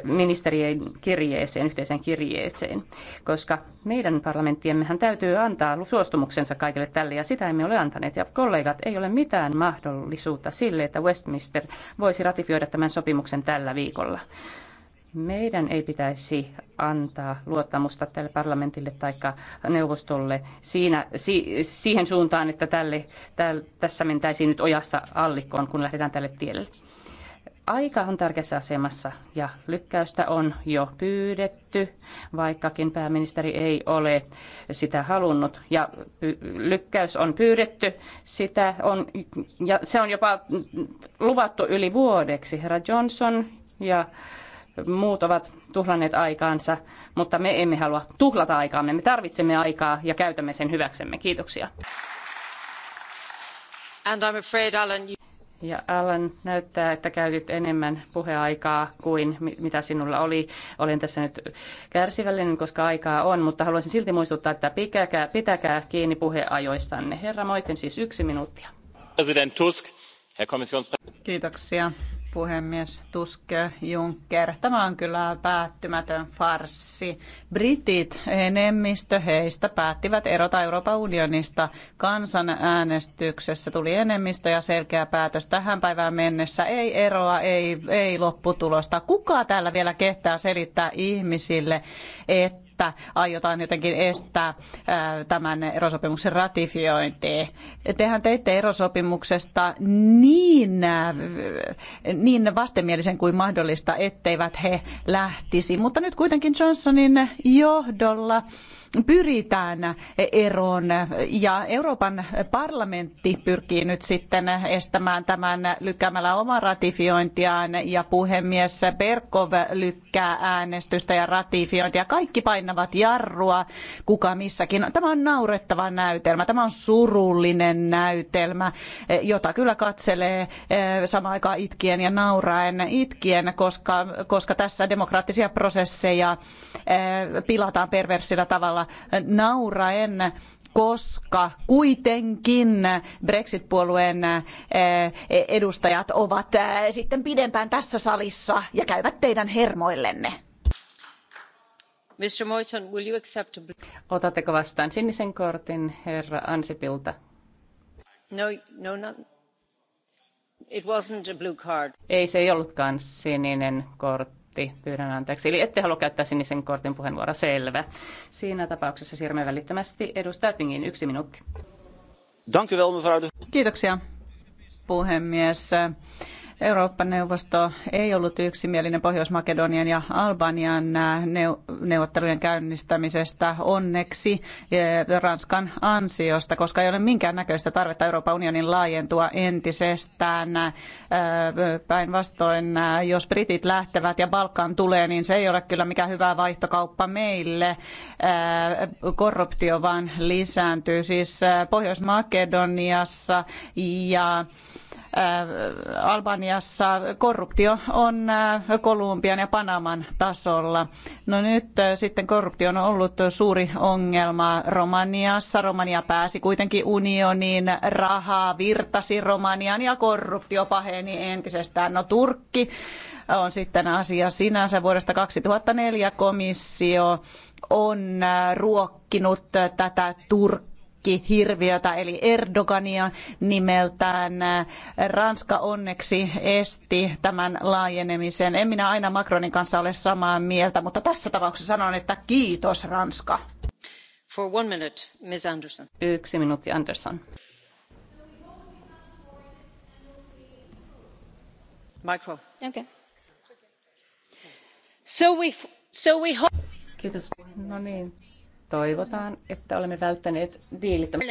ministerien kirjeeseen, yhteiseen kirjeeseen, koska meidän parlamenttiemmehän täytyy antaa suostumuksensa kaikille tälle ja sitä emme ole antaneet. Ja kollegat, ei ole mitään mahdollisuutta sille, että Westminster voisi ratifioida tämän sopimuksen tällä viikolla. Meidän ei pitäisi antaa luottamusta tälle parlamentille tai neuvostolle siinä, si, siihen suuntaan, että tälle, täl, tässä mentäisiin nyt ojasta allikkoon, kun lähdetään tälle tielle. Aika on tärkeässä asemassa ja lykkäystä on jo pyydetty, vaikkakin pääministeri ei ole sitä halunnut. Ja lykkäys on pyydetty, sitä on, ja se on jopa luvattu yli vuodeksi. Herra Johnson ja muut ovat tuhlanneet aikaansa, mutta me emme halua tuhlata aikaamme. Me tarvitsemme aikaa ja käytämme sen hyväksemme. Kiitoksia. And I'm afraid, Alan, you... Ja Alan, näyttää, että käytit enemmän puheaikaa kuin mitä sinulla oli. Olen tässä nyt kärsivällinen, koska aikaa on, mutta haluaisin silti muistuttaa, että pitäkää, pitäkää kiinni puheajoistanne. Herra Moiten, siis yksi minuuttia. President Tusk, Herr Kommissionspräsident. Kiitoksia puhemies Tuske Juncker. Tämä on kyllä päättymätön farsi. Britit, enemmistö heistä, päättivät erota Euroopan unionista. Kansanäänestyksessä tuli enemmistö ja selkeä päätös tähän päivään mennessä. Ei eroa, ei, ei lopputulosta. Kuka täällä vielä kehtää selittää ihmisille, että että aiotaan jotenkin estää tämän erosopimuksen ratifiointi. Tehän teitte erosopimuksesta niin, niin vastenmielisen kuin mahdollista, etteivät he lähtisi. Mutta nyt kuitenkin Johnsonin johdolla pyritään eroon ja Euroopan parlamentti pyrkii nyt sitten estämään tämän lykkäämällä omaa ratifiointiaan ja puhemies Berkov lykkää äänestystä ja ratifiointia. Kaikki painavat jarrua, kuka missäkin. Tämä on naurettava näytelmä, tämä on surullinen näytelmä, jota kyllä katselee eh, samaan aikaan itkien ja nauraen itkien, koska, koska tässä demokraattisia prosesseja eh, pilataan perversillä tavalla nauraen koska kuitenkin Brexit-puolueen eh, edustajat ovat eh, sitten pidempään tässä salissa ja käyvät teidän hermoillenne. Mr. Moiton, will you accept... Otatteko vastaan sinisen kortin herra Ansipilta? No, no, no. It wasn't a blue card. Ei se ei ollutkaan sininen kortti kortti. Pyydän anteeksi. Eli ette halua käyttää sinisen kortin puheenvuoro, Selvä. Siinä tapauksessa siirrymme välittömästi edustaja Pingin yksi minuutti. Kiitoksia, puhemies. Eurooppa-neuvosto ei ollut yksimielinen Pohjois-Makedonian ja Albanian äh, neuvottelujen käynnistämisestä onneksi äh, Ranskan ansiosta, koska ei ole minkäännäköistä tarvetta Euroopan unionin laajentua entisestään. Äh, päinvastoin, jos Britit lähtevät ja Balkan tulee, niin se ei ole kyllä mikään hyvä vaihtokauppa meille. Korruptio vaan lisääntyy. Siis Pohjois-Makedoniassa ja Albaniassa korruptio on Kolumbian ja Panaman tasolla. No nyt sitten korruptio on ollut suuri ongelma Romaniassa. Romania pääsi kuitenkin unioniin, rahaa virtasi Romaniaan ja korruptio paheni entisestään. No Turkki on sitten asia sinänsä. Vuodesta 2004 komissio on ruokkinut tätä Turkkia hirviötä eli Erdogania nimeltään. Ranska onneksi esti tämän laajenemisen. En minä aina Macronin kanssa ole samaa mieltä, mutta tässä tapauksessa sanon, että kiitos Ranska. For one minute, Ms. Anderson. Yksi minuutti, Anderson. Micro. Okay. So we, so we... Kiitos. No niin Toivotaan, että olemme välttäneet diilittömän.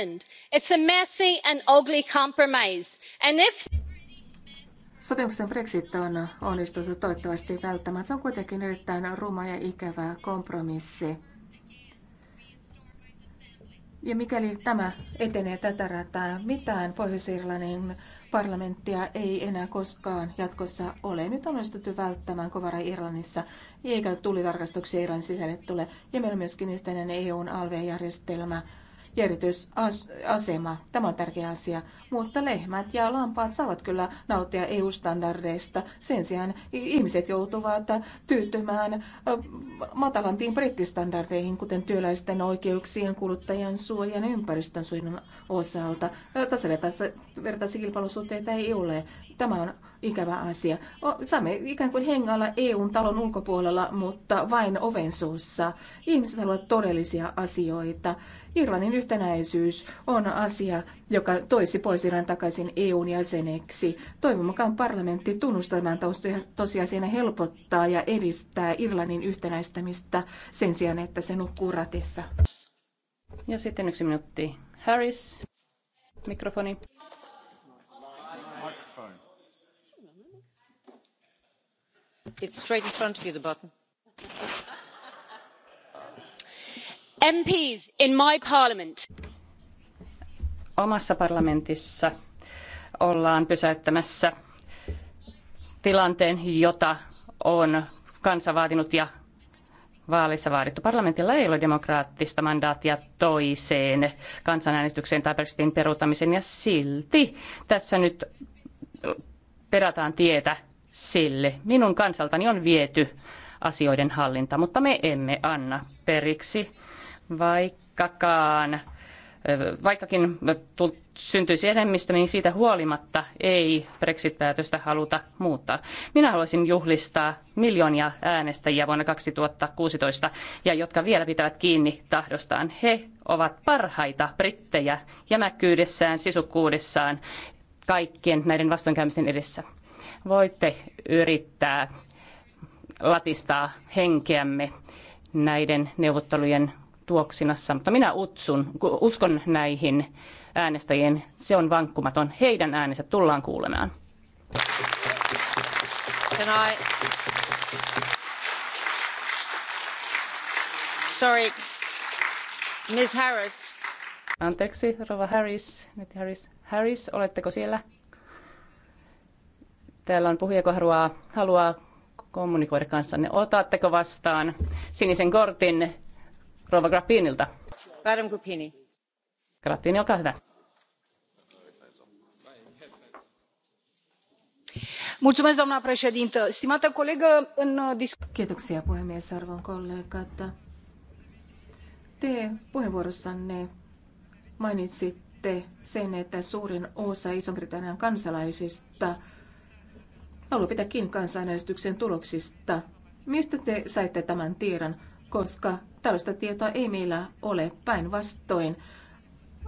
Sopimuksen Brexit on onnistuttu toivottavasti välttämään. Se on kuitenkin erittäin ruma ja ikävä kompromissi. Ja mikäli tämä etenee tätä rataa, mitään Pohjois-Irlannin parlamenttia ei enää koskaan jatkossa ole. Nyt on onnistuttu välttämään kovara Irlannissa, eikä tulitarkastuksia Irlannin sisälle tule. Ja meillä on myöskin yhteinen EUn alvejärjestelmä järjestelmä ja erityisasema. Tämä on tärkeä asia. Mutta lehmät ja lampaat saavat kyllä nauttia EU-standardeista. Sen sijaan ihmiset joutuvat tyytymään matalampiin brittistandardeihin, kuten työläisten oikeuksien, kuluttajan suojan ja ympäristön suojan osalta. Tasavertaisia kilpailusuhteita ei ole. Tämä on ikävä asia. Saamme ikään kuin hengailla EUn talon ulkopuolella, mutta vain oven suussa. Ihmiset haluavat todellisia asioita. Irlannin yhtenäisyys on asia, joka toisi pois Irlannin takaisin EUn jäseneksi. Toivon mukaan parlamentti tunnustamaan tosiasiana helpottaa ja edistää Irlannin yhtenäistämistä sen sijaan, että se nukkuu ratissa. Ja sitten yksi minuutti. Harris, mikrofoni. *laughs* MPs in my parliament. Omassa parlamentissa ollaan pysäyttämässä tilanteen, jota on kansa vaatinut ja vaalissa vaadittu. Parlamentilla ei ole demokraattista mandaattia toiseen kansanäänestykseen tai Brexitin peruuttamiseen ja silti tässä nyt perataan tietä sille. Minun kansaltani on viety asioiden hallinta, mutta me emme anna periksi, vaikkakaan vaikkakin syntyisi enemmistö, niin siitä huolimatta ei Brexit-päätöstä haluta muuttaa. Minä haluaisin juhlistaa miljoonia äänestäjiä vuonna 2016, ja jotka vielä pitävät kiinni tahdostaan. He ovat parhaita brittejä jämäkkyydessään, sisukkuudessaan, kaikkien näiden vastoinkäymisten edessä voitte yrittää latistaa henkeämme näiden neuvottelujen tuoksinassa, mutta minä utsun, uskon näihin äänestäjien. Se on vankkumaton. Heidän äänensä tullaan kuulemaan. Can I... Sorry, Miss Harris. Anteeksi, Rova Harris. Nyt Harris. Harris, oletteko siellä? Täällä on puhuja, joka haluaa, haluaa kommunikoida kanssanne. Otatteko vastaan sinisen kortin Rova Grappinilta? Madam Grappini. Grappini, olkaa hyvä. doamnă președintă stimată colegă în Kiitoksia puhemies, arvon että Te puheenvuorossanne mainitsitte sen, että suurin osa Iso-Britannian kansalaisista haluaa pitää kiinni kansanäänestyksen tuloksista. Mistä te saitte tämän tiedon? Koska tällaista tietoa ei meillä ole päinvastoin.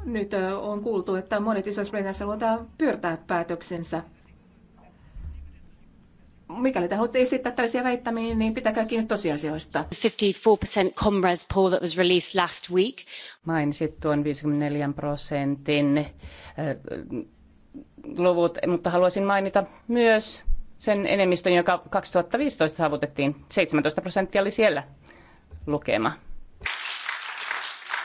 Nyt on kuultu, että monet isoissa britanniassa luotaan pyörtää päätöksensä. Mikäli te haluatte esittää tällaisia väittämiä, niin pitäkää kiinni tosiasioista. 54% Comres poll that was released last week. Mainitsit tuon 54 prosentin luvut, mutta haluaisin mainita myös sen enemmistön, joka 2015 saavutettiin. 17 prosenttia oli siellä lukema.